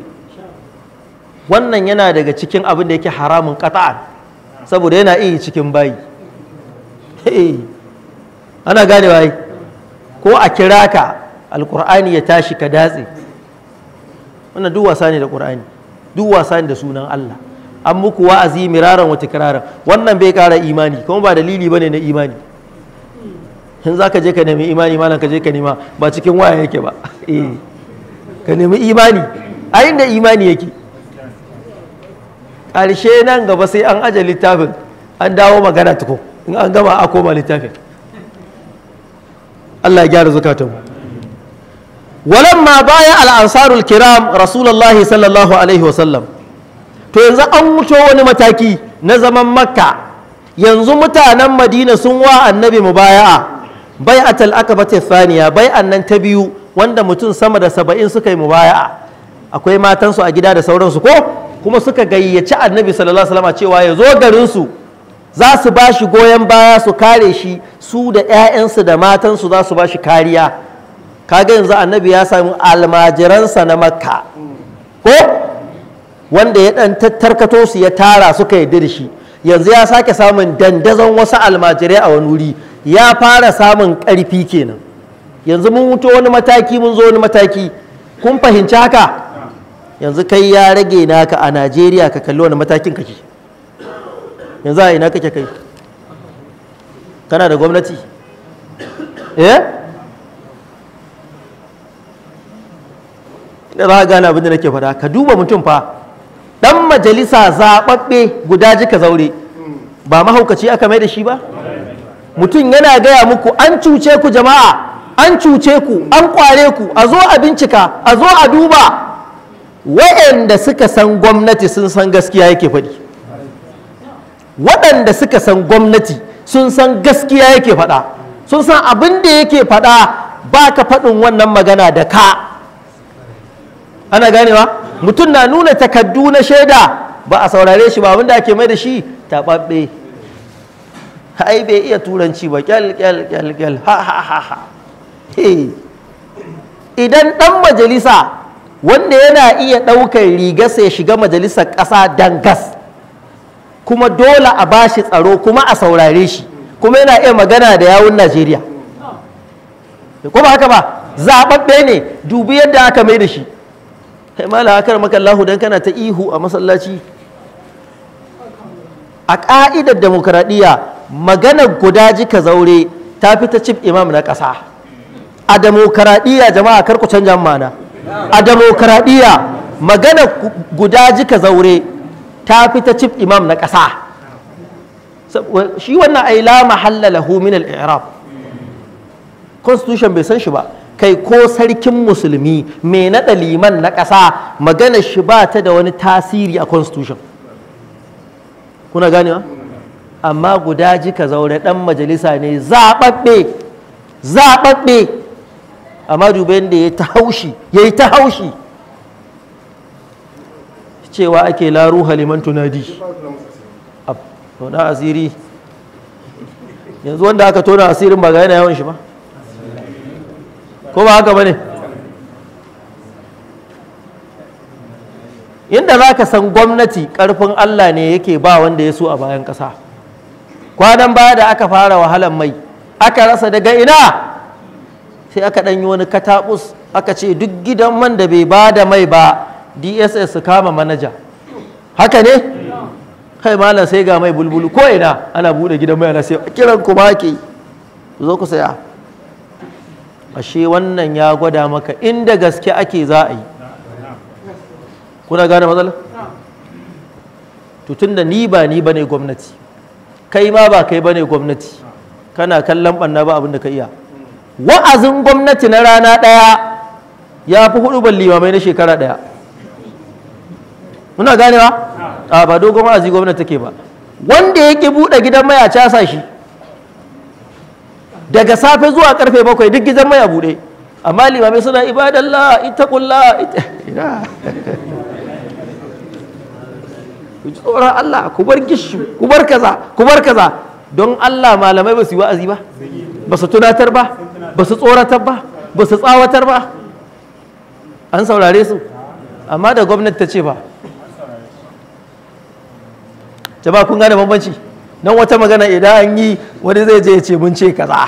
wannan yana daga cikin abin da yake haramun kata'an saboda yana iya cikin bayi ana gane wai ko a kira ka alkur'ani ya tashi ka datse wannan duk wasa ne da qur'ani duk wasa ne da sunan Allah an muku wa'azi miraran wata kiraran wannan bai kara imani kuma ba dalili bane na imani in za ka je ka nemi imani malam ka je ka nema ba cikin waya yake ba eh, ka nemi imani a inda imani yake ƙarshe nan gaba sai an aje littafin an dawo magana tukun in an gama a koma littafin Allah ya gyara zukatanmu walamma baya al'ansarul kiram rasulullahi sallallahu alaihi wasallam to yanzu an wuto wani mataki na zaman makka yanzu mutanen madina sun wa annabi mu a mubaya'a bai'atul faniya, bai bai'an nan ta biyu wanda mutum sama da saba'in suka yi mubaya'a akwai matansu a gida da sauransu ko kuma suka gayyaci annabi sallallahu alaihi wasallam cewa ya zo garinsu za su ba shi goyon baya su kare shi su da 'ya'yansu da matansu za su ba shi kariya kaga yanzu annabi ya sami almajiransa na makka ko wanda ya dan tattarkato su ya tara suka yi dirshi yanzu ya sake samun dandazon wasu almajirai a wani wuri ya fara samun karfi kenan yanzu mun wuto wani mataki mun zo wani mataki kun fahimci haka yanzu kai ya rage naka a najeriya ka kalli wani matakin kake yanzu a ina kake kai kana da gwamnati eh ina za a gane abin nake faɗa ka duba mutum fa Dan majalisa zaɓaɓɓe guda jika zaure ba mahaukaci aka mai da shi ba mutum yana gaya muku an cuce ku jama'a an cuce ku an kware ku a zo a bincika a zo a duba wa'anda suka san gwamnati sun san gaskiya yake faɗi waɗanda suka san gwamnati sun san gaskiya yake faɗa sun san abin da yake faɗa ba ka faɗin wannan magana da ka ana ganewa mutum na nuna takaddu na shaida ba a saurare shi ba abin da ake mai da shi taɓaɓɓe ai bai iya turanci ba kyal kyal kyal kyal ha ha ha ha idan ɗan majalisa wanda yana iya ɗaukar rigarsa ya shiga majalisar ƙasa dangas kuma dole a bashi tsaro kuma a saurare shi kuma yana iya magana da yawun najeriya ko ba haka ba zaɓaɓɓe ne dubi yadda aka mai da shi haimala mala akar maka dan kana ta ihu a masallaci a ƙa'idar demokuraɗiyya magana guda jika zaure ta fi ta cif imam na ƙasa a demokuraɗiyya jama'a kar ku mana a demokuraɗiyya magana guda jika zaure ta fi ta cif imam na ƙasa shi wannan ai la mahalla lahu min al-i'rab constitution bai san shi ba kai ko sarkin musulmi mai naɗa liman na ƙasa magana shi ba ta da wani tasiri a constitution kuna wa? amma guda jika zaure ɗan majalisa ne zaɓaɓɓe zaɓaɓɓe amma dubayin da ya ta haushi ya ta haushi cewa ake laru haliman tunadi yanzu wanda aka tona asirin ba ga yana yawan shi ba ko ba haka ba ne inda za ka san gwamnati karfin allah ne yake ba wanda ya so a bayan kasa kwanan baya da aka fara wahalan mai aka rasa daga ina sai aka ɗanyi wani katabus aka ce duk gidan man da bai ba da mai ba dss su kama manaja haka ne kai malam sai ga mai bulbulu ko ina ana bude gidan mai ana sai kiran ku baki zo ku saya ashe wannan ya gwada maka inda gaske ake za a yi kuna gane matsala tutun da ni ba ni bane gwamnati kai ma ba kai bane gwamnati kana kallon banna ba abin da ka iya wa'azin gwamnati na rana ɗaya ya fi hudu ban limamai na shekara ɗaya muna ganewa a ah, ba dogon wa'azi gwamnati take ba wanda yake buɗe gidan mai a casa shi daga safe zuwa karfe bakwai duk gidan mai a buɗe amma limamai suna ibadallah ita ina ku ji tsoron Allah ku bar gishu ku bar kaza ku bar kaza don Allah malamai ba su yi wa'azi ba ba su tunatar ba ba su tsoratar ba ba su tsawatar ba an saurare su amma da gwamnati ta ce ba jama'a kun gane bambanci nan wata magana idan an yi wani zai je ya ce mun ce kaza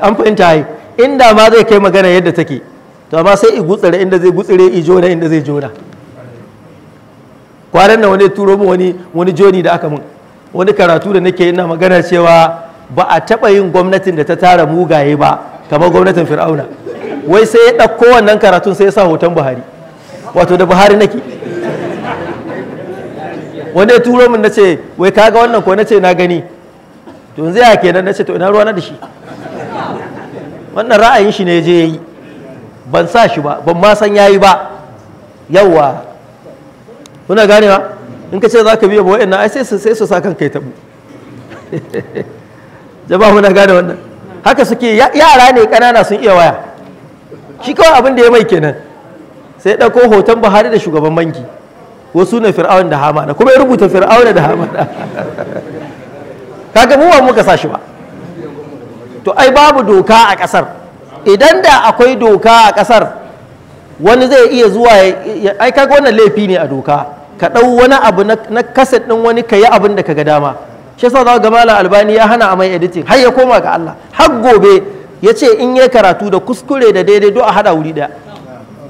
an fahimta yi inda ma zai kai magana yadda take to amma sai i gutsare inda zai gutsare i jona inda zai jona kwanan nan wani turo mu wani wani joni da aka mun wani karatu da nake ina magana cewa ba a taɓa yin gwamnatin da ta tara mugaye ba kamar gwamnatin fir'auna wai sai ya ɗauko wannan karatun sai ya sa hoton buhari wato da buhari nake wanda ya turo min nace wai kaga wannan ko nace na gani to yanzu ya kenan nace to ina ruwa na da shi wannan ra'ayin shi ne je yi ban sa shi ba ban ma san yayi ba yawa kuna ganewa in ka ce za ka biya ba na ai sai su sai su sa kanka ya tabu jaba muna gane wannan haka suke yara ne kanana sun iya waya shi kawai abin da ya mai kenan sai ɗauko hoton buhari da shugaban banki wasu ne fir'aun da hamana kuma ya rubuta fir'aun da hamana kaga mu ba muka sa shi ba to ai babu doka a kasar idan da akwai doka a kasar wani zai iya zuwa ai kaga wannan laifi ne a doka ka dau wani abu na kaset din wani ka yi abin da ka ga dama shi yasa za ga malam albani ya hana a mai editing har ya koma ga Allah har gobe ya ce in yayi karatu da kuskure da daidai do a hada wuri daya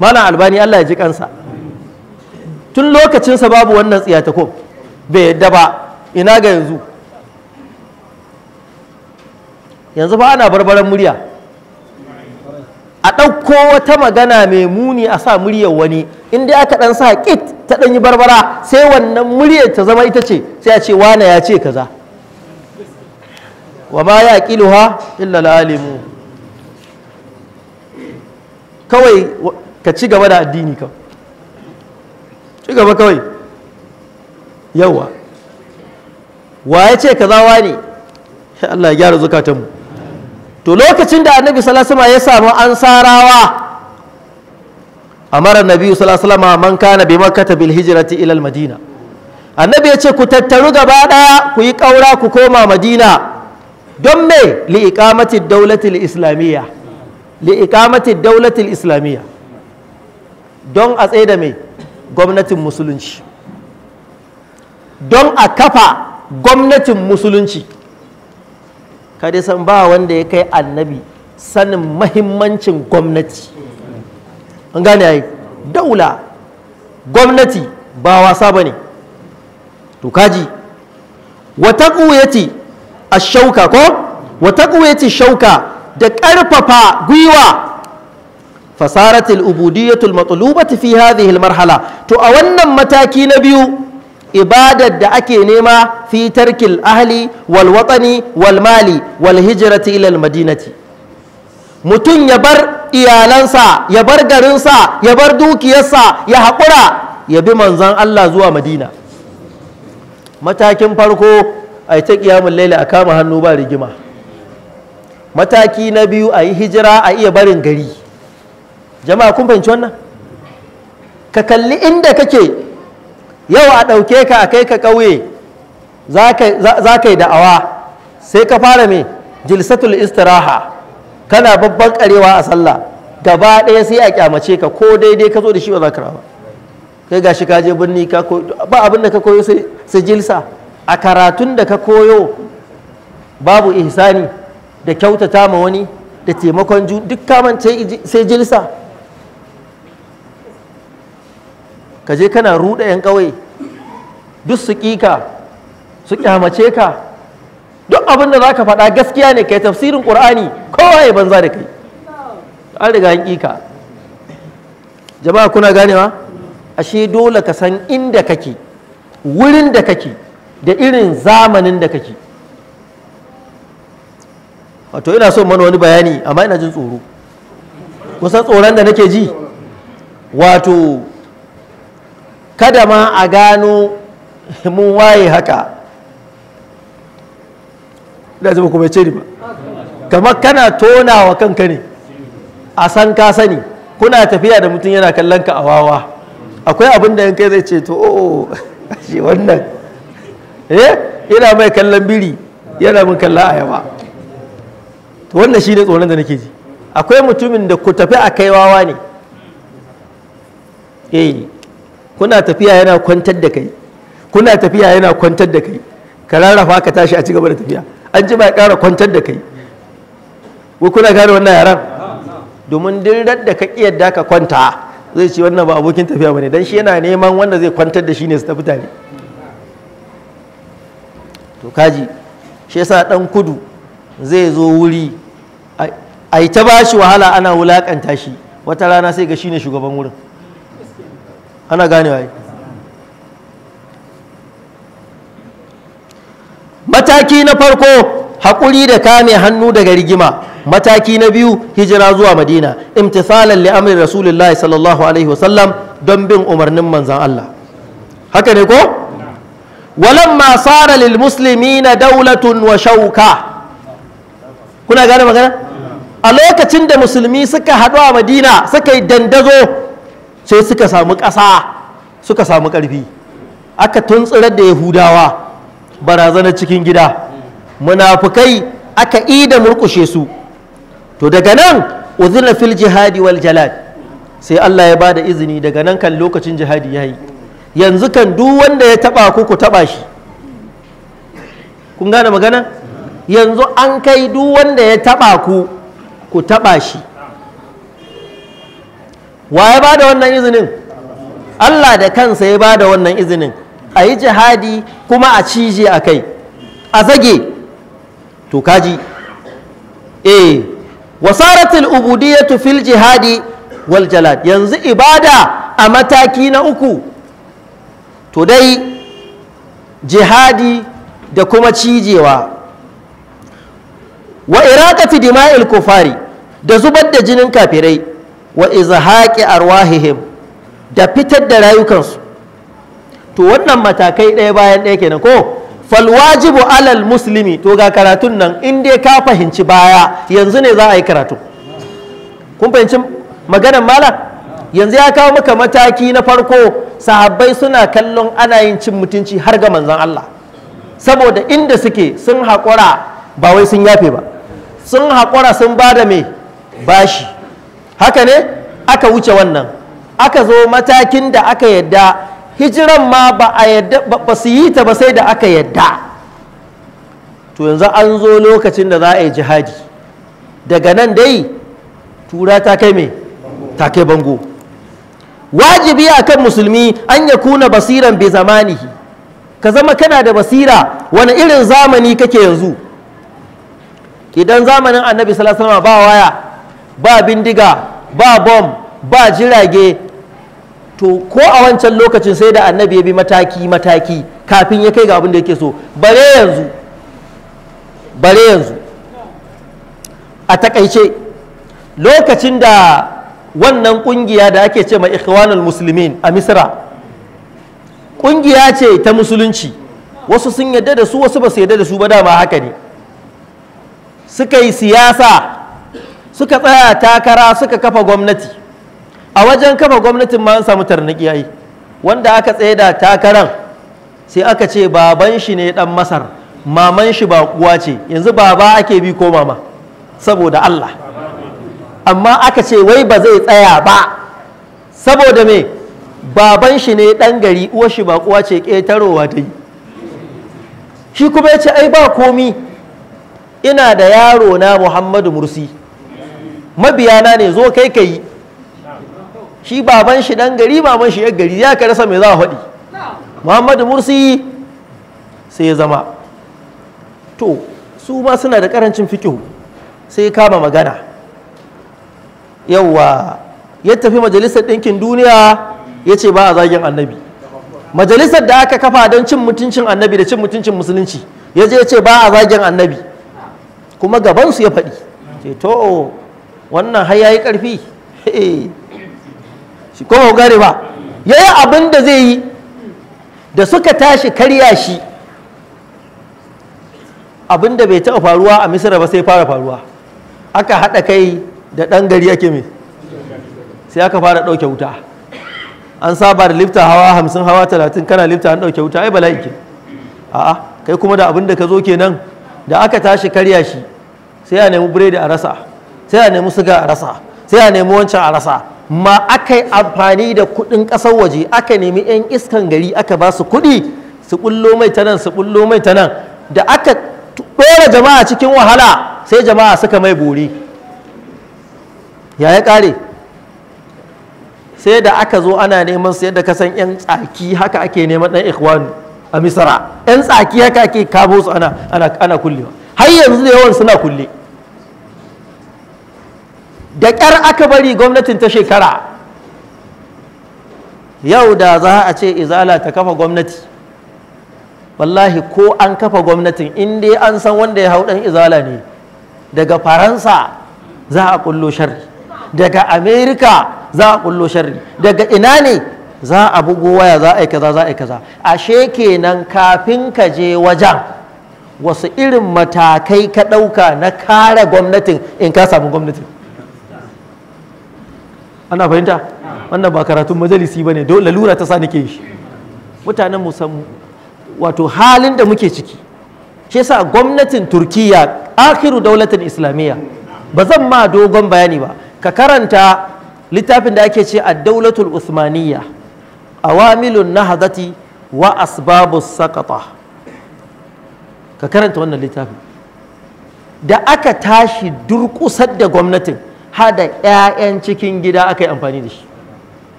malam albani Allah ya ji kansa tun lokacinsa babu wannan tsiyatakon bai yadda ba ina ga yanzu yanzu ba ana barbaran murya a ɗauko wata magana mai muni a sa muryar wani inda aka ɗan sa kit ta ɗan yi barbara sai wannan muryar ta zama ita ce sai a ce wane ya ce kaza wa ma ya ƙiluha illa la'alimu kawai ka ci gaba da addini kawai ci gaba kawai yawa wa ya ce kazawa ne Allah ya gyara zukatanmu to lokacin da annabi salasama ya samu ansarawa amara nabi salasama man kana bi makkata bil hijrati ila al madina annabi ya ce ku tattaru gaba daya ku yi kaura ku koma madina don me li iqamati dawlati islamiyya li iqamati dawlati islamiyya don a tsaye da me gwamnatin musulunci don a kafa gwamnatin musulunci kada san ba wanda ya kai annabi sanin mahimmancin gwamnati an gane yi daula gwamnati ba wasa ba ne to kaji wata ƙuyaci a shauka ko wata ƙuyaci shauka da ƙarfafa gwiwa fasarat al-ubudiyyatu al-matlubatu fi hadhihi al-marhala to a wannan mataki na biyu ibadar da ake nema fitar kil ahli walwatsani, walmali, wal mali wal madinati mutum ya bar iyalansa ya bar garinsa ya bar dukiyarsa ya haƙura ya bi manzon Allah zuwa madina matakin farko a ta kiyamun laile a kama hannu ba rigima mataki na biyu a yi hijira a iya barin gari jama'a kun fahimci wannan ka kalli inda kake yau a ɗauke ka a kai ka ƙauye za ka yi da'awa sai ka fara mai jilsatul istiraha kana babban karewa a sallah gaba ɗaya sai a kyamace ka ko daidai ka zo da shi ba za ka rawa kai gashi ka je birni ka ba abin da ka koyo sai jilsa a karatun da ka koyo babu ihsani da kyautata ma wani da taimakon duk kamance sai jilsa ka je kana ruɗa 'yan ƙauye duk su ƙika su ƙyamace ka duk abin da za ka faɗa gaskiya ne kai tafsirin ƙur'ani kowa ya banza da kai an riga an ƙika jama'a kuna ganewa ashe dole ka san inda kake wurin da kake da irin zamanin da kake wato ina so mana wani bayani amma ina jin tsoro kusan tsoron da nake ji wato kada ma a gano mun waye haka da zama kuma ce ni ba Kama kana tonawa kanka ne a san ka sani kuna tafiya da mutum yana kallon ka a wawa akwai abin da yankai zai ce to o oh, shi wannan eh yana mai kallon biri yana min kallon ayaba to wannan shi ne tsoron da nake ji akwai mutumin da ku tafi a kai wawa ne eh kuna tafiya yana kwantar da kai kuna tafiya yana kwantar da kai ka rarrafa ka tashi a cigaba da tafiya an ji ba ƙara kwantar da kai ko kuna gane wannan yaran domin duk da ka yadda ka kwanta zai ce wannan ba abokin tafiya bane dan shi yana neman wanda zai kwantar da shi ne su tafi tare to kaji shi yasa dan kudu zai zo wuri a ta bashi wahala ana wulakanta shi wata rana sai ga shine shugaban wurin ana gane yi mataki na farko haƙuri da kame hannu daga rigima mataki na biyu hijira zuwa madina imtisalan li amri rasulullahi sallallahu alaihi wasallam don bin umarnin manzan Allah haka ne ko walamma sara lil muslimina daulatun wa shauka kuna gane magana a lokacin da musulmi suka haɗu a madina suka yi dandazo sai suka samu ƙasa suka samu ƙarfi aka tuntsirar da yahudawa barazanar cikin gida munafukai aka ida murkushe su to daga nan uzina fil jihadi wal jalad sai Allah ya ba da izini daga nan kan lokacin jihadi ya yi. yanzu kan duk wanda ya taba ku ku taba shi kun gane magana yanzu an kai duk wanda ya taba ku ku taba shi wa ya ba da wannan izinin Allah da kansa ya ba da wannan izinin a yi jihadi kuma a cije a kai a zage to kaji eh wasaratul ubudiyatu fil jihadi wal jalad yanzu ibada a mataki na uku to dai jihadi da kuma cijewa wa iraqati dima'il kufari da zubar da jinin kafirai wa izhaqi arwahihim da fitar da rayukansu to wannan matakai ɗaya bayan ɗaya kenan ko fal wajibu alal muslimi to ga karatun nan in dai ka fahimci baya yanzu ne za a yi karatu kun fahimci maganar malam yanzu ya kawo maka mataki na farko sahabbai suna kallon ana yin cin mutunci har ga manzon Allah saboda inda suke sun haƙura ba wai sun yafe ba sun haƙura sun ba da mai bashi haka ne aka wuce wannan aka zo matakin da aka yadda hijiran ma ba a yadda ba su yi ta ba sai da aka yadda to yanzu an zo lokacin da za a yi jihadi daga nan dai tura ta kai me ta kai bango wajibi a kan musulmi an ya kuna basiran bai zamani. ka zama kana da basira wani irin zamani kake yanzu idan zamanin annabi sallallahu alaihi ba waya ba bindiga ba bom ba jirage to ko a wancan lokacin sai da annabi ya bi mataki mataki kafin ya kai ga abin da yake so bare yanzu bare yanzu a takaice lokacin da wannan kungiya da ake ce ma ikhwanul muslimin a misra kungiya ce ta musulunci wasu sun yadda da su wasu ba su yadda da su ba dama haka ne suka yi siyasa suka tsaya takara suka kafa gwamnati a wajen kafa gwamnatin ma an samu tarnaki yayi wanda aka tsaye da takaran sai aka ce baban shi ne dan masar maman shi ba kuwa ce yanzu baba ake bi ko mama saboda Allah amma aka ce wai ba zai tsaya ba saboda me baban shi ne dan gari uwar shi ba kuwa ce ketarowa ta yi shi kuma ya ce ai ba komi ina da yaro na Muhammadu Mursi mabiyana ne zo kai ka yi shi baban shi dan gari baban shi ya gari ya ka rasa mai za a faɗi muhammadu mursi sai ya zama to su ma suna da karancin fikihu sai ya kama magana yawwa ya tafi majalisar ɗinkin duniya ya ce ba a zagin annabi majalisar da aka kafa don cin mutuncin annabi da cin mutuncin musulunci ya je ya ce ba a zagin annabi kuma gabansu ya faɗi ce to wannan har yayi karfi shi ko gare ba yayi abin da zai yi da suka tashi karya shi abin da bai taɓa faruwa a misira ba sai fara faruwa aka haɗa kai da ɗan gari ake mai sai aka fara ɗauke wuta an saba da lifta hawa hamsin hawa talatin kana lifta an ɗauke wuta ai bala'i yake a'a kai kuma da abin da ka zo kenan da aka tashi karya shi sai a nemi biredi a rasa sai a nemi suga a rasa sai a nemi wancan a rasa ma aka yi amfani da kuɗin kasar waje aka nemi 'yan iskan gari aka ba su kuɗi su bullo mai ta nan su bullo mai ta nan da aka ɗora jama'a cikin wahala sai jama'a suka mai bori ya ya ƙare sai da aka zo ana neman su yadda kasan 'yan tsaki haka ake neman ɗan ikhwan a misra 'yan tsaki haka ake kabo su ana kullewa har yanzu da yawan suna kulle da ƙyar aka bari gwamnatin ta shekara yau da za a ce izala ta kafa gwamnati wallahi ko an kafa gwamnatin in dai an san wanda ya hau ɗan izala ne daga faransa za a ƙullo shari daga amerika za a ƙullo sharri daga ina ne za a bugo waya za a yi kaza za a yi kaza ashe kenan kafin ka je wajen wasu irin matakai ka ɗauka na kare gwamnatin in ka samu gwamnatin ana fahimta wannan ba karatun majalisi ba ne dole lalura ta sa nake shi mutanen mu san wato halin da muke ciki shi yasa gwamnatin turkiyya akiru daulatin islamiyya ba zan ma dogon bayani ba ka karanta littafin da ake ce ad-daulatul usmaniyya awamilun nahzati wa asbabus saqata ka karanta wannan littafin da aka tashi durkusar da gwamnatin hada 'ya'yan cikin gida aka yi amfani da shi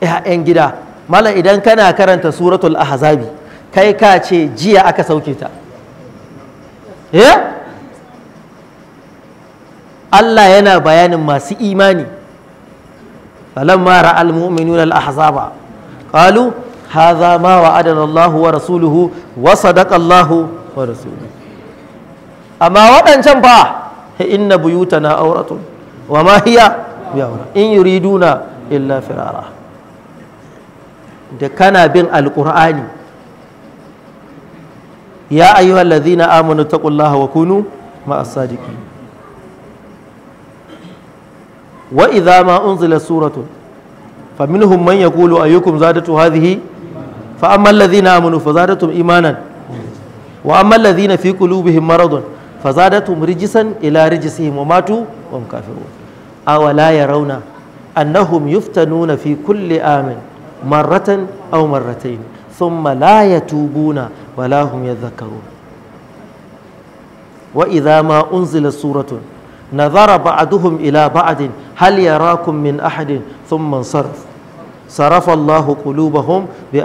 'ya'yan gida mala idan kana karanta suratul ahzabi kai ka ce jiya aka sauke ta eh? Allah yana bayanin masu imani falamma ra'al mu'minun al-ahzaba qalu hadha ma wa'adana Allah wa rasuluhu wa sadaqa Allah wa rasuluhu amma waɗancan fa inna buyutana auratun wa ma hiya in yuriduna illa firara da kana bin alqur'ani ya ayyuhal ladzina amanu taqullaha wa kunu ma'as sadiqin wa idza ma unzila suratun faminhum man yaqulu ayyukum zadatu hadhihi fa amma alladhina amanu fazadatuhum imanan wa amma alladhina fi qulubihim maradun fazadatum rijisan ila rijisihim wa matu wa hum kafirun awala yarawna annahum yuftanuna fi kulli amin marratan aw marratayn thumma la yatubuna wala hum yadhakkarun wa idza ma unzila suratun nazara ba'duhum ila ba'adin hal yarakum min ahadin thumma sarf kulubahum Allah qulubahum bi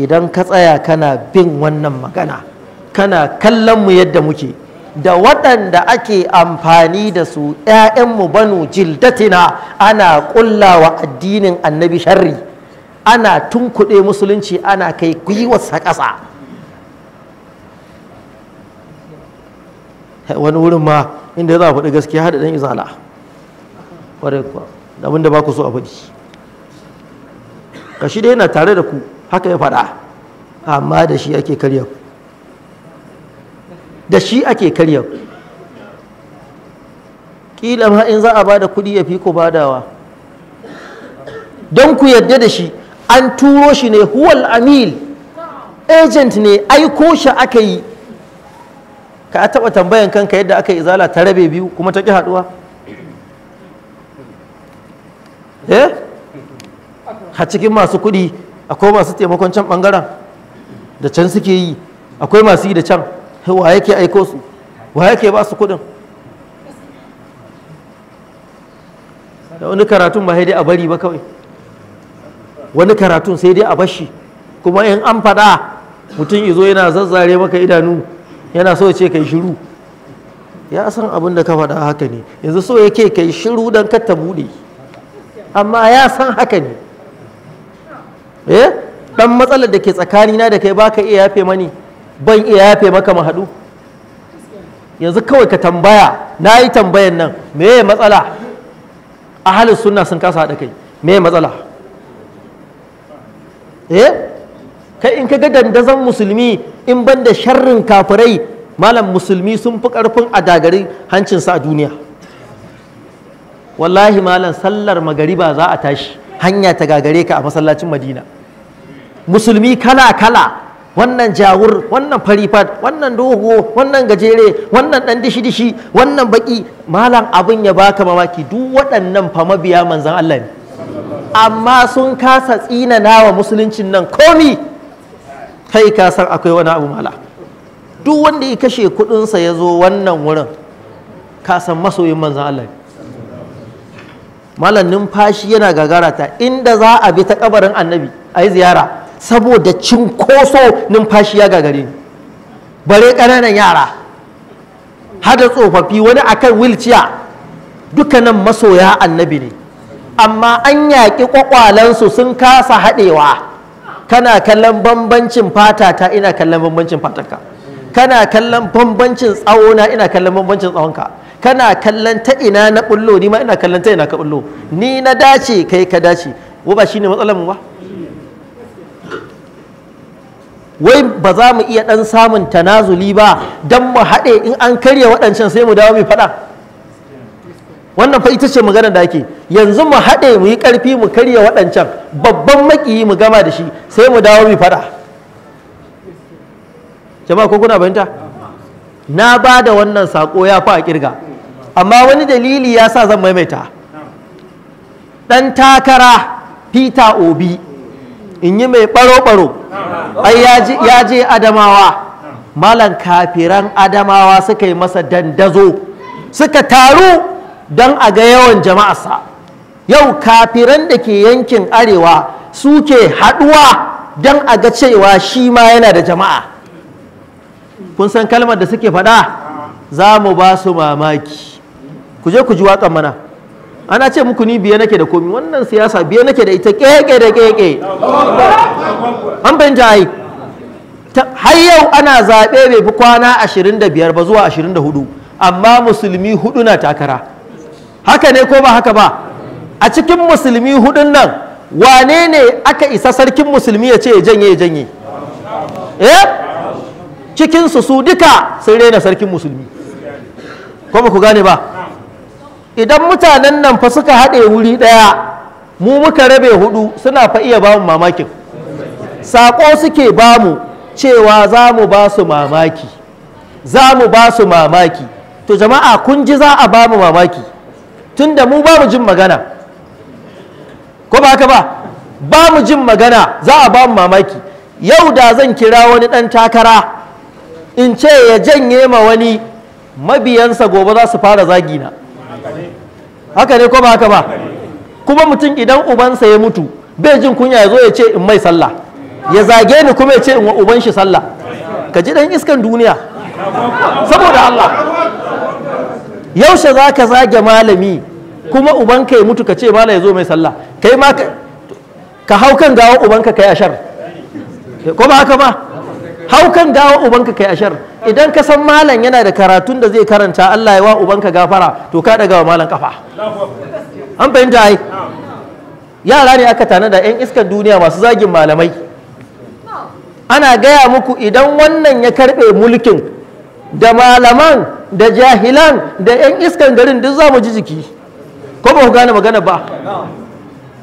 idan ka tsaya kana bin wannan magana kana kallon mu yadda muke da waɗanda ake amfani da su ‘ya'yanmu banu jildatina ana ƙulla wa addinin annabi sharri ana tunkuɗe musulunci ana kai gwiwarsa ƙasa wani wurin ma inda za a faɗi gaskiya haɗa ɗan izala ƙwarai kuwa abin da ba ku so a faɗi ka shi dai yana tare da ku haka ya faɗa amma da shi ake karya ku da shi ake karyar. Ƙila ma in za a ba da kuɗi ya fi ku badawa don ku yarda da shi an turo shi ne huwal amil agent ne aiko shi aka yi ka taɓa tambayan kanka yadda aka yi zala ta rabe biyu kuma ta ƙi haɗuwa eh a cikin masu kuɗi akwai masu taimakon can ɓangaren da can suke yi akwai masu yi da can wa yake aiko su wa yake ba su kudin da wani karatun ba dai a bari ba kawai wani karatun sai dai a bashi kuma in an fada mutum izo yana zazzare maka idanu yana so ce kai shiru ya san abin da ka faɗa haka ne yanzu so yake kai shiru don ta buɗe amma ya san haka ne eh dan matsalar da ke tsakanina da kai baka iya yafe mani ban iya yafe maka mu haɗu yanzu kawai ka tambaya na yi tambayan nan me ya matsala halin suna sun kasa haɗa kai me ya matsala eh kai in ka ga dandazon musulmi in ban da sharrin kafirai malam musulmi sun fi ƙarfin a dagari hancinsa a duniya wallahi malam sallar magariba za a tashi hanya ta gagare ka a masallacin madina musulmi kala kala wannan jawur wannan farifat wannan dogo wannan gajere wannan dan dishi dishi wannan baki malam abin ya baka mamaki duk waɗannan fa mabiya manzon Allah ne amma sun kasa tsina nawa musuluncin nan komi kai ka san akwai wani abu mala duk wanda ya kashe kuɗinsa ya zo wannan wurin ka san masoyin manzon Allah ne malam numfashi yana gagarata inda za a bi ta kabarin annabi ayi ziyara saboda cinkoso numfashi ya gagare ni bare ƙananan yara hada tsofaffi wani akan wilciya dukkanin masoya annabi ne amma an yaƙi ƙwaƙwalansu sun kasa haɗewa kana kallon bambancin fata ta ina kallon bambancin fatarka kana kallon bambancin tsawona ina kallon bambancin tsawonka kana kallon ta ina na ɓullo ni ma ina kallon ta ina ka ɓullo ni na dace kai ka dace wa ba shine matsalar mu ba wai ba za mu iya ɗan samun tanazuli ba don mu haɗe in an karya waɗancan sai mu dawo mu faɗa wannan fa ita ce magana da ake yanzu mu haɗe mu yi ƙarfi mu karya waɗancan babban maƙiyi mu gama da shi sai mu dawo mu faɗa jama'a ko kuna bayanta na ba da wannan saƙo ya fa a ƙirga amma wani dalili ya sa zan maimaita ɗan takara peter obi in yi mai ɓaro-ɓaro ai ya je adamawa malan kafiran adamawa suka yi masa dandazo suka taru don a ga yawan jama'arsa yau kafiran da ke yankin arewa suke haɗuwa don a ga cewa shi ma yana da jama'a kun san kalmar da suke faɗa za mu ba su mamaki ku je ku ji waƙan mana ana ce muku ni biye nake da komi wannan siyasa biye nake da ita keke da keke an fahimta jayi har yau ana zaɓe bai fi kwana 25 ba zuwa 24 amma musulmi hudu na takara haka ne ko ba haka ba a cikin musulmi hudun nan wane ne aka isa sarkin musulmi ya ce ya janye ya janye eh cikinsu su duka sun rena sarkin musulmi ko ba ku gane ba idan mutanen nan fa suka haɗe wuri ɗaya mu muka rabe hudu suna fa iya bamu mamakin saƙo suke bamu cewa za mu ba su mamaki za mu ba su mamaki to jama'a kun ji za a bamu mamaki tunda mu ba mu jin magana ko ba haka ba ba mu jin magana za a bamu mamaki yau da zan kira wani ɗan takara in ce ya janye ma wani mabiyansa gobe za su fara zagina haka ne ko ba haka ba kuma mutum idan ubansa ya mutu bai jin kunya ya zo ya ce in mai sallah ya zage ni kuma ya ce in wa uban shi sallah ka ji dan iskan duniya saboda Allah yaushe za ka zage malami kuma ubanka ya mutu ka ce malam ya zo mai sallah kai ma ka hau kan gawa ubanka kai ashar ko ba haka ba hau kan gawa ubanka kai ashar idan ka san malam yana da karatun da zai karanta Allah ya wa ubanka gafara to ka daga wa malam kafa an fahimta ai yara ne aka tana da yan iskan duniya masu zagin malamai ana gaya muku idan wannan ya karbe mulkin da malaman da jahilan da yan iskan garin duk za mu ji jiki ko ba ku gane magana ba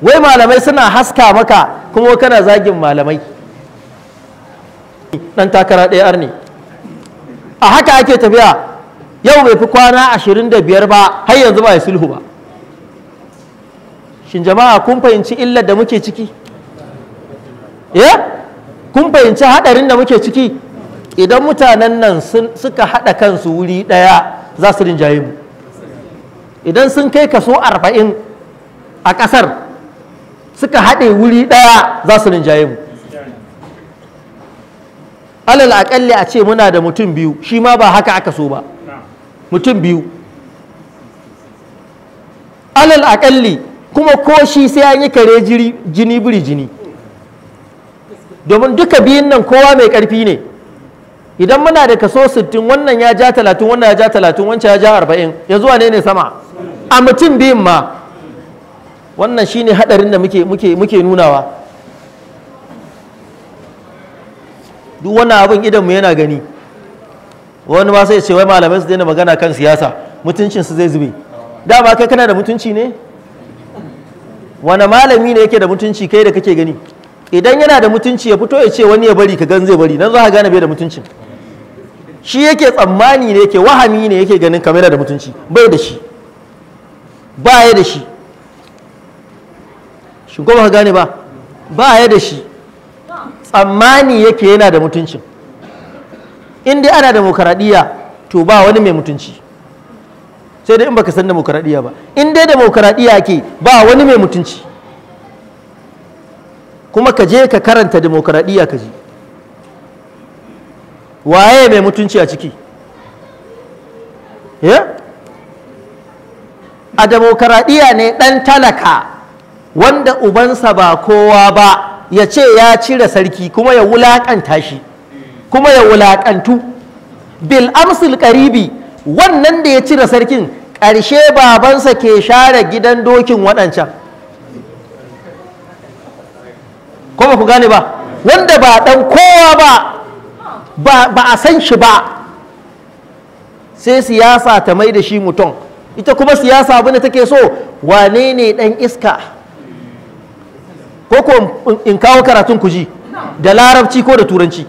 wai malamai suna haska maka kuma kana zagin malamai dan takara ɗaya arne a haka ake tafiya yau bai fi kwana ashirin da biyar ba har yanzu ba ya sulhu ba shin jama'a kun fahimci illar da muke ciki ya eh? kun fahimci haɗarin da muke ciki idan mutanen nan suka haɗa kansu wuri ɗaya za su rinjaye mu idan sun kai kaso arba'in a ƙasar suka haɗe wuri ɗaya za su rinjaye mu alal akalli a ce muna da mutum biyu shi ma ba haka aka so ba mutum biyu alal akalli kuma ko shi sai an yi kare jini biri jini domin duka biyun nan kowa mai ƙarfi ne idan muna da kaso 60 wannan ya ja 30 wannan ya ja 30 wancan ya ja 40 ya zuwa ne ne sama a mutum biyun ma wannan shine hadarin da muke muke muke nunawa duk wani abin idan mu yana gani wani ma sai ce wai malamai su daina magana kan siyasa mutuncin su zai zube dama kai kana da mutunci ne wani malami ne yake da mutunci kai da kake gani idan yana da mutunci ya fito ya ce wani ya bari ka gan zai bari nan za ka gane bai da mutuncin shi yake tsammani ne yake wahami ne yake ganin kamar da mutunci bai da shi ba ya da shi shi ko ba ka gane ba ba ya da shi amma ni yake yana da mutuncin in dai ana demokaradiyya to ba wani mai mutunci sai dai in baka san demokaradiyya ba in dai demokaradiyya ke ba wani mai mutunci kuma ka je ka karanta demokaradiyya ka ji waye mai mutunci a ciki eh? a demokaradiyya ne ɗan talaka wanda ubansa ba kowa ba ya ce ya cire sarki kuma ya wulaƙanta shi kuma ya wulaƙantu bil amsul karibi wannan da ya cire sarkin ƙarshe babansa ke share gidan dokin waɗancan kuma ku gane ba wanda ba ɗan kowa ba ba a san shi ba sai siyasa ta mai da shi mutum ita kuma siyasa abin take so wane ne ɗan iska ko ko in kawo karatun ku ji da larabci ko da turanci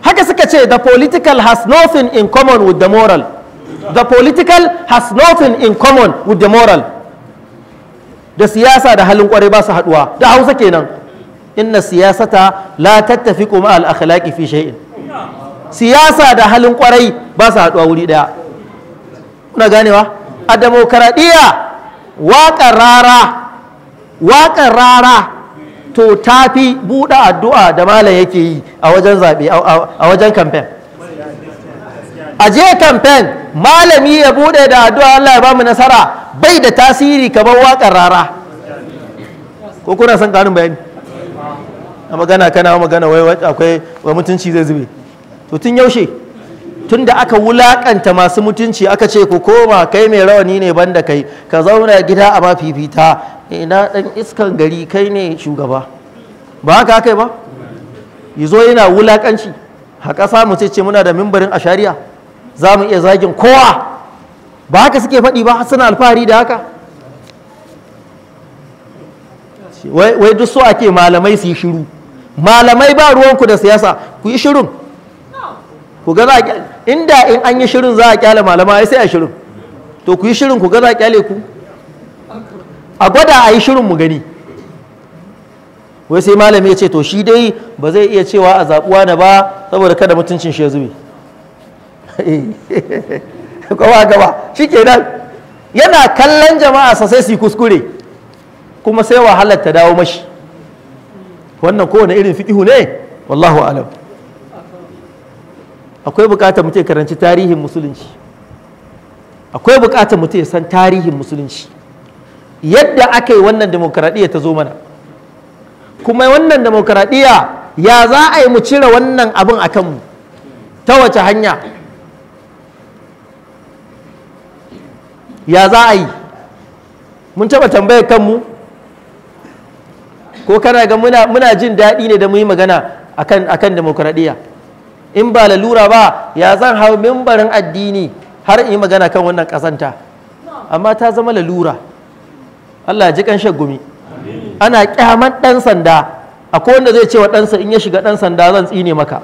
haka suka ce the political has nothing in common with the moral the political has nothing in common with the moral da siyasa da halin kwarai ba su haduwa da hausa kenan inna siyasata la tattafi kuma al akhlaqi fi shay'in siyasa da halin kwarai ba su haduwa wuri daya kuna ganewa a demokradiya waƙar rara waƙar rara to ta fi buɗe addu'a da malam yake yi a wajen zaɓe a wajen kamfen a je kamfen malami ya buɗe da addu'a Allah ya mu nasara bai da tasiri kamar waƙar rara ko kuna son ƙarin bayani a magana kana magana wai akwai wa mutunci zai zube to tun yaushe tun da aka wulakanta masu mutunci aka ce ku koma kai mai rawani ne banda kai ka zauna gida a mafifita ina dan iskan gari kai ne shugaba ba haka kai ba zo yana wulakanci a ƙasa mu ce muna da mimbarin a shari'a za mu iya zagin kowa ba haka suke faɗi ba suna alfahari da haka wai duk so ake malamai su yi shiru malamai ba ruwanku da siyasa ku yi shirun ku ga za a inda in an yi shirin za a kyale malama sai a shirin to ku yi shirin ku ga za a kyale ku a gwada a yi shirin mu gani wai sai malami ya ce to shi dai ba zai iya cewa a zaɓuwa na ba saboda kada mutuncin shi ya zube kowa gaba shi kenan yana kallon jama'a sa sai su kuskure kuma sai wahalar ta dawo mashi wannan kowane irin fiƙihu ne wallahu alam akwai bukatar mutum ya karanci tarihin musulunci akwai bukatar mutum ya san tarihin musulunci yadda aka yi wannan demokaradiyya ta zo mana kuma wannan demokaradiyya ya za a yi mu cire wannan abin a kanmu ta wace hanya ya za a yi mun taɓa tambayar kanmu ko kana ga muna, jin daɗi ne da mu yi magana a kan demokaradiyya in ba lalura ba ya zan hau mimbarin addini har in yi magana kan wannan ƙazanta amma ta zama lalura Allah ji kan gumi ana kyaman ɗan sanda akwai wanda zai ce wa ɗansa in ya shiga ɗan sanda zan tsine maka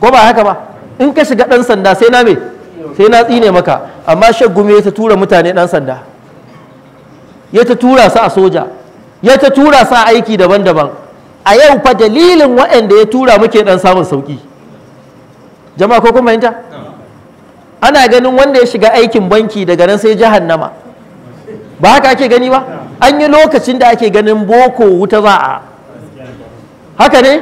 ko ba haka ba in ka shiga ɗan sanda sai na me sai na tsine maka amma gumi ya ta tura mutane ɗan sanda ya ta tura su a soja ya ta tura su a aiki daban-daban a yau fa dalilin waɗanda ya tura muke ɗan samun sauƙi jama'a ko kuma fahimta ana ganin wanda ya shiga aikin banki daga nan sai jahannama ba haka ake gani ba an yi lokacin da ake ganin boko wuta za a haka ne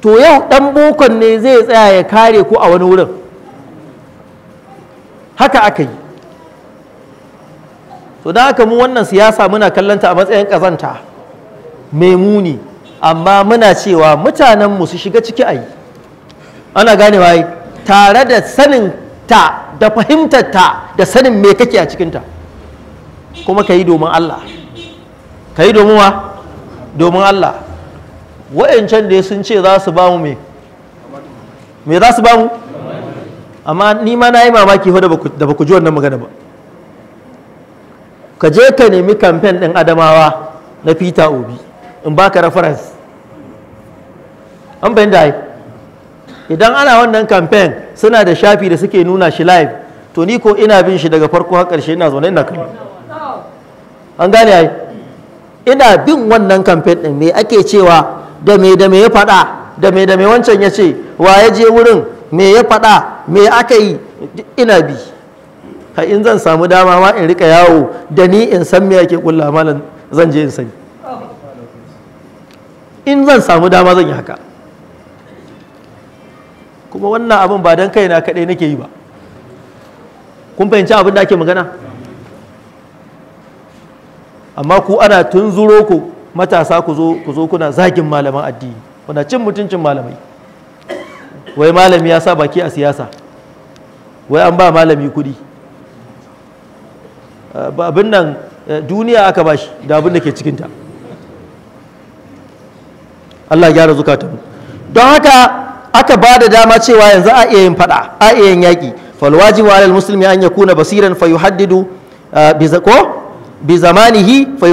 to yau dan bokon ne zai tsaya ya kare ku a wani wurin haka aka yi to da haka mu wannan siyasa muna kallanta a matsayin kazanta mai muni amma muna cewa mutanenmu su shiga ciki a yi ana gane waye tare da sanin ta da fahimtar ta da sanin me kake a cikinta kuma ka yi domin Allah ka yi domin wa domin Allah wa'yancan da sun ce za su ba mu me me za su ba mu amma ni ma na yi mamaki da ba ku ji wannan magana ba ka je ka nemi kamfen ɗin adamawa na peter obi in baka reference an bayan da idan ana wannan kamfen suna da shafi da suke nuna shi live to ni ko ina bin shi daga farko har karshe ina zaune ina kallo an gane ai ina bin wannan kamfen din me ake cewa da me da me ya faɗa da me da me wancan ya ce wa ya je wurin me ya faɗa me aka yi ina bi ka in zan samu dama ma in rika yawo da ni in san me yake kulla zan je in sani in zan samu dama zan yi haka kuma wannan abin ba don na kaɗai nake yi ba kun fahimci abin da ake magana amma ku ana tun zuro ku matasa ku zo ku zo kuna zagin malaman addini kuna cin mutuncin malamai wai malami ya sa baki a siyasa wai an ba malami kudi abin nan eh, duniya aka ba shi da abin da ke cikinta Allah gyara zukatanmu don haka aka ba da dama cewa yanzu a iya yin faɗa a iya yin yaƙi falwajibu alal muslimi an yakuna basiran fa yuhaddidu uh, ko bi zamanihi fa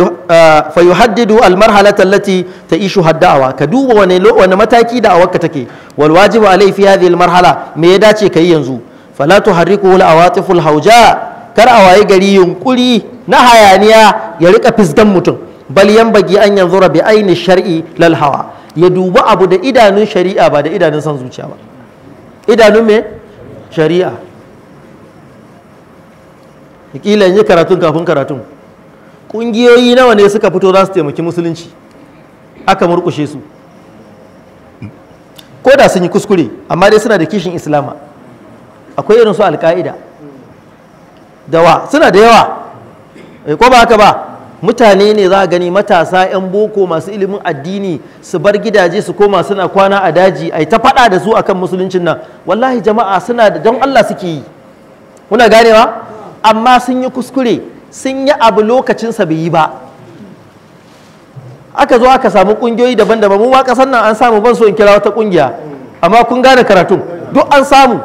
uh, yuhaddidu al marhalata allati ta'ishu hadda'awa ka duba wani wani mataki da awarka take wal wajibu alai fi hadhihi al marhala me ya dace kai yanzu fala tuharriku al awatiful hauja kar a waye gari yunkuri na hayaniya ya rika fisgan mutum bal yanbagi an yanzura bi aini shar'i lal hawa ya dubi abu da idanun shari'a ba da idanun san zuciya ba idanun me shari'a kila yi karatun kafin karatun ƙungiyoyi nawa ne suka fito za su taimaki musulunci aka murkushe su ko da sun yi kuskure amma dai suna da kishin islama akwai irin su alka'ida da suna da yawa eh, ko ba haka ba mutane ne za a gani matasa 'yan boko masu ilimin addini su bar gidaje su koma suna kwana a daji a yi ta faɗa da su akan musuluncin nan wallahi jama'a suna da don Allah suke yi kuna ganewa amma sun yi kuskure sun yi abu lokacin bai yi ba aka zo aka samu ƙungiyoyi daban-daban mu ma nan an samu ban so in kira wata kungiya amma kun gane karatun duk an samu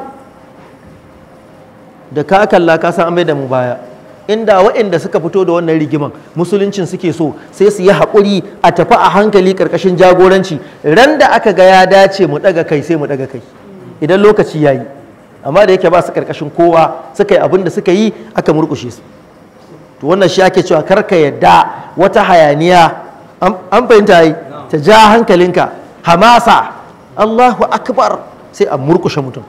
da ka kalla ka san an bai da mu baya inda waɗanda suka fito da wannan rigiman musuluncin suke so sai su yi haƙuri a tafi a hankali ƙarƙashin jagoranci ran da aka ga ya dace mu ɗaga kai sai mu ɗaga kai idan lokaci yayi. amma da yake ba su ƙarƙashin kowa suka yi abin da suka yi aka murkushe su to wannan shi ake cewa kar ka yadda wata hayaniya an fahimta yi ta ja hankalinka hamasa allahu akbar sai a murkushe mutum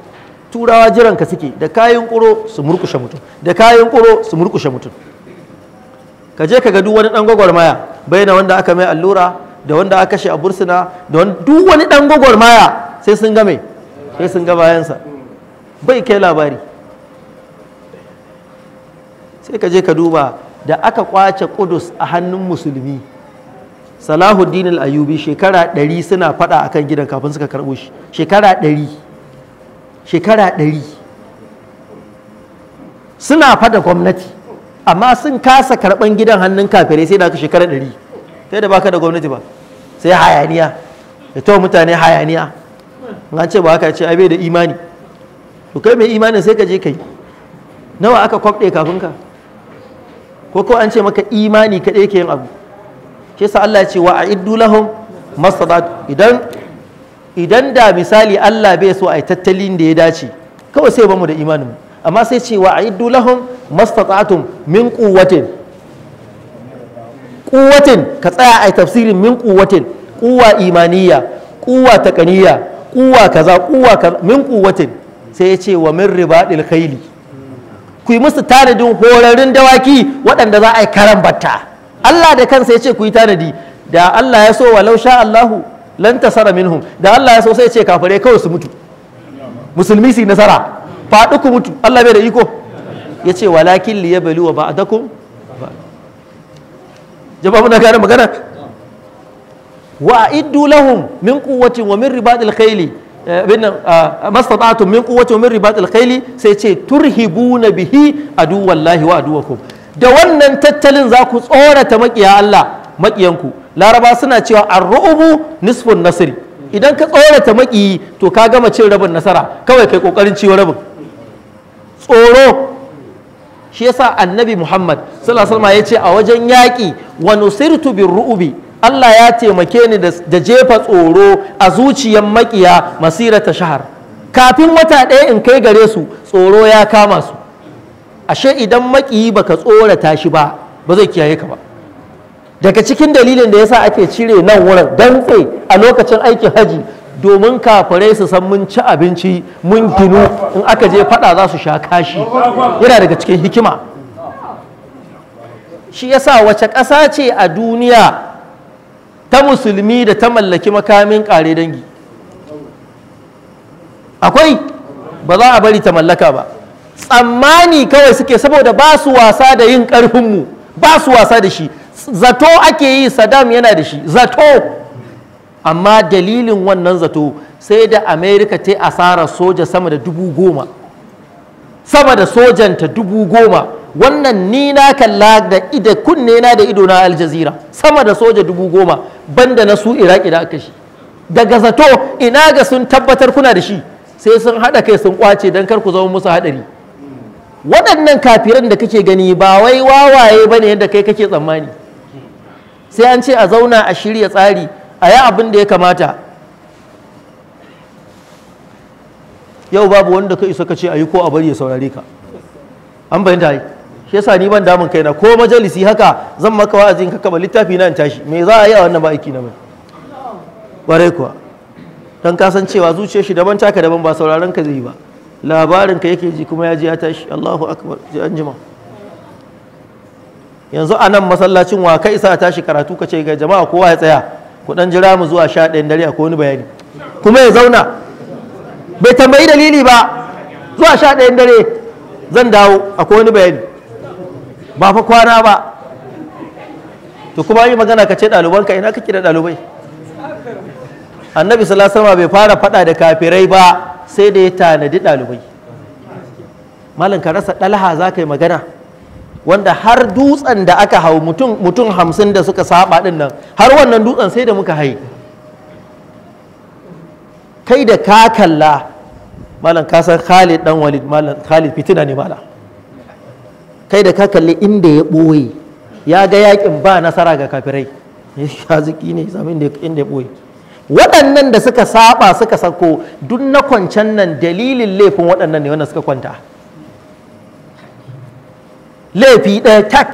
turawa jiranka suke da kayan kuro su murkushe mutum da kayan kuro su murkushe mutum ka je ka ga duk wani dan gwagwarmaya bayyana wanda aka mai allura da wanda aka kashe a bursuna da duk wani dan gwagwarmaya sai sun game sai sun ga bayansa bai kai labari sai ka je ka duba da aka kwace kudus a hannun musulmi salahuddin al-ayubi shekara 100 suna fada akan gidan kafin suka karbo shi shekara 100 shekara ɗari suna fada gwamnati amma sun kasa karɓan gidan hannun kafirai sai da aka shekara ɗari sai da baka da gwamnati ba sai hayaniya da ta mutane hayaniya an ce ba haka ce abe da imani to kai mai imanin sai ka je kai nawa aka kwabɗe kafin ka ko ko an ce maka imani kaɗai ke yin abu shi sa Allah ce wa a'iddu lahum idan idan da misali Allah bai so a yi tattalin da ya dace kawai sai bamu da imanin amma sai ce wa aiddu lahum mastata'atum min quwwatin quwwatin ka tsaya a tafsirin min quwwatin quwwa imaniya quwwa taqaniya quwwa kaza quwwa kaza min quwwatin sai ya ce wa min ribadil khayli ku yi musu tanadin horarin dawaki waɗanda za a yi karambata Allah da kansa ya ce ku yi tanadi da Allah ya so walau sha Allahu lan tasara minhum da Allah ya so sai ce kafirai kawai su mutu musulmi su nasara faɗi ku mutu Allah bai da iko ya ce walakin liya bali wa ba'adakum jama'a muna gane magana wa iddu lahum min quwwatin wa min ribatil khayli eh, bin ah, mastata'tum min quwwatin wa min ribatil khayli sai ce turhibuna bihi adu wallahi wa aduwakum da wannan tattalin za ku tsorata makiya Allah maƙiyanku laraba suna cewa an ruubu nisfun nasiri, idan ka tsorata maƙiyi to ka gama cin rabin nasara kawai kai ƙoƙarin ciwo rabin tsoro shi yasa annabi Muhammad sallallahu alaihi ce a wajen yaƙi wa nusirtu bin ruubi Allah ya taimake ni da jefa tsoro a zuciyar maƙiya masira ta shahar kafin wata ɗaya in kai gare su tsoro ya kama su ashe idan maƙiyi baka tsorata shi ba ba zai kiyaye ka ba daga cikin dalilin da yasa ake cire nan wurin dantse a lokacin aikin haji domin kafirai su san mun ci abinci mun ginu in aka je fada za su sha kashi yana daga cikin hikima shi yasa wace ƙasa ce a duniya ta musulmi da ta mallaki makamin ƙare dangi akwai ba za a bari ta mallaka ba tsammani kawai suke saboda ba su wasa da yin ƙarfinmu ba su wasa da shi zato ake yi Sadam yana da shi zato amma dalilin wannan zato sai da amerika ta asara soja sama da dubu goma sama da sojanta dubu goma wannan ni na kalla da ida kunne na da ido na aljazira sama da soja dubu goma banda na su iraki da aka shi daga zato ina ga sun tabbatar kuna da shi sai sun haɗa kai sun kwace don kar ku zama musu haɗari waɗannan kafiran da kake gani ba wai wawaye ba ne yadda kai kake tsammani sai an ce a zauna a shirya tsari a yi abin da ya kamata yau babu wanda ka isa ka ce a yi ko a bari ya saurare ka an bayyanta yi shi yasa ni ban damun kaina ko majalisi haka zan maka wa'azin ka kaba littafi na in tashi me za a yi a wannan ba aiki na mai ƙwarai kuwa don kasancewa zuciyar shi daban taka daban ba sauraron ka zai yi ba labarin ka yake ji kuma ya ji ya tashi Allahu akbar ji an jima yanzu a nan masallacin wa kai sa tashi karatu ka ce ga jama'a kowa ya tsaya ku dan jira mu zuwa sha ɗayan dare akwai wani bayani kuma ya zauna bai tambayi dalili ba zuwa sha ɗayan dare zan dawo akwai wani bayani ba fa kwana ba to kuma yi magana ka ce ɗalibanka ina kake da ɗalibai annabi sallallahu alaihi bai fara faɗa da kafirai ba sai da ya tanadi ɗalibai malam ka rasa ɗalha za ka yi magana wanda har dutsen da aka hau mutum hamsin da suka saba din nan har wannan dutsen sai da muka hai kai da ka kalla malam ka san khalid dan walid malam khalid fitina ne malam kai da ka kalli inda ya ɓoye ya ga yakin ba nasara ga kafirai ya eh, ziki ne sami inda ya boye waɗannan da suka saba suka sako duk na kwancan nan dalilin laifin waɗannan ne wanda suka kwanta laifi ɗaya tak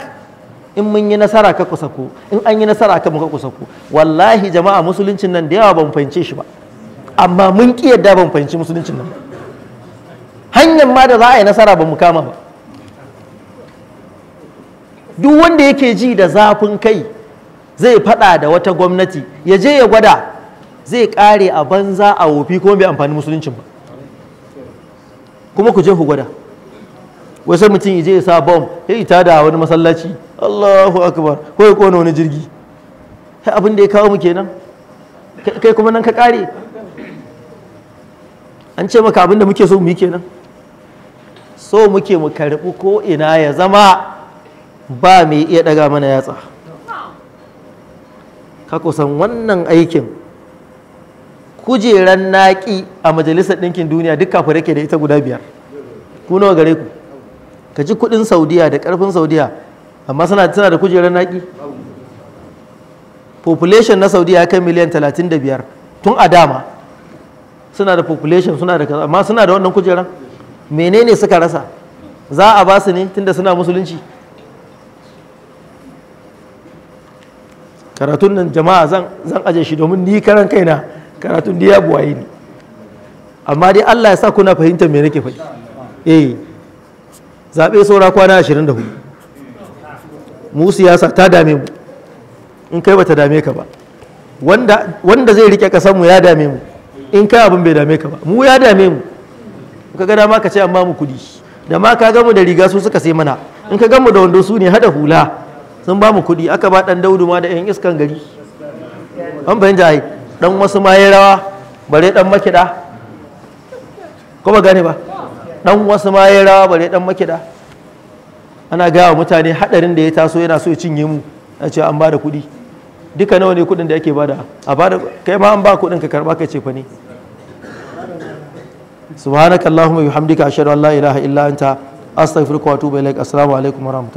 in mun yi nasara ka kusa ku in an yi nasara ka muka kusa ku wallahi jama'a musuluncin nan da yawa ban fahimce shi ba amma mun ki yadda ban fahimci musuluncin nan hanyar ma da za a yi nasara ba mu kama ba duk wanda yake ji da zafin kai zai faɗa da wata gwamnati ya je ya gwada zai ƙare a banza a wofi kuma bai amfani musuluncin ba kuma ku je ku gwada wasu mutum je ya sa bom ya yi tada wani masallaci allahu akbar ko ya kone wani jirgi abin da ya kawo mu kenan kai kuma nan ka kare an ce maka abin da muke so mu yi kenan so muke mu karɓi ko ina ya zama ba mai iya ɗaga mana yatsa ka kusan wannan aikin kujeran naƙi a majalisar ɗinkin duniya duk kafin rake da ita guda biyar ku nawa gare ku ka ji kuɗin saudiya da ƙarfin saudiya amma suna da kujerar naki. population na saudiya ya kai miliyan 35 tun a dama suna da population suna da kaza amma suna da wannan kujerar? menene suka rasa za a ba su ne tunda suna musulunci karatun nan jama'a zan aje shi domin ni karan kaina karatun da buwaye ne. amma dai Allah ya sa kuna fahimtar me nake faɗi eh zaɓe saura kwana 24 mu siyasa ta dame mu in kai bata dame ka ba wanda zai rike ƙasar mu ya dame mu in kai abin bai dame ka ba mu ya dame mu ka ga dama ka ce an mu kuɗi da ma ka gamu da riga su suka sai mana in ka gamu da wando su ne hada hula sun ba mu kuɗi aka ba ɗan daudu ma da 'yan iskan gari an bayan ai ɗan wasu ma ya rawa bare ɗan makiɗa ko ba gane ba dan wasu ma ya rawa bare dan makida ana gaya wa mutane hadarin da ya taso yana so ya cinye mu a ce an bada kuɗi duka nawa ne kuɗin da ake bada a bada kai ma an ba kuɗin ka karba ka ce fa ne subhanakallahumma bihamdika ashhadu an la ilaha illa anta astaghfiruka wa atubu ilaik assalamu alaikum warahmatullahi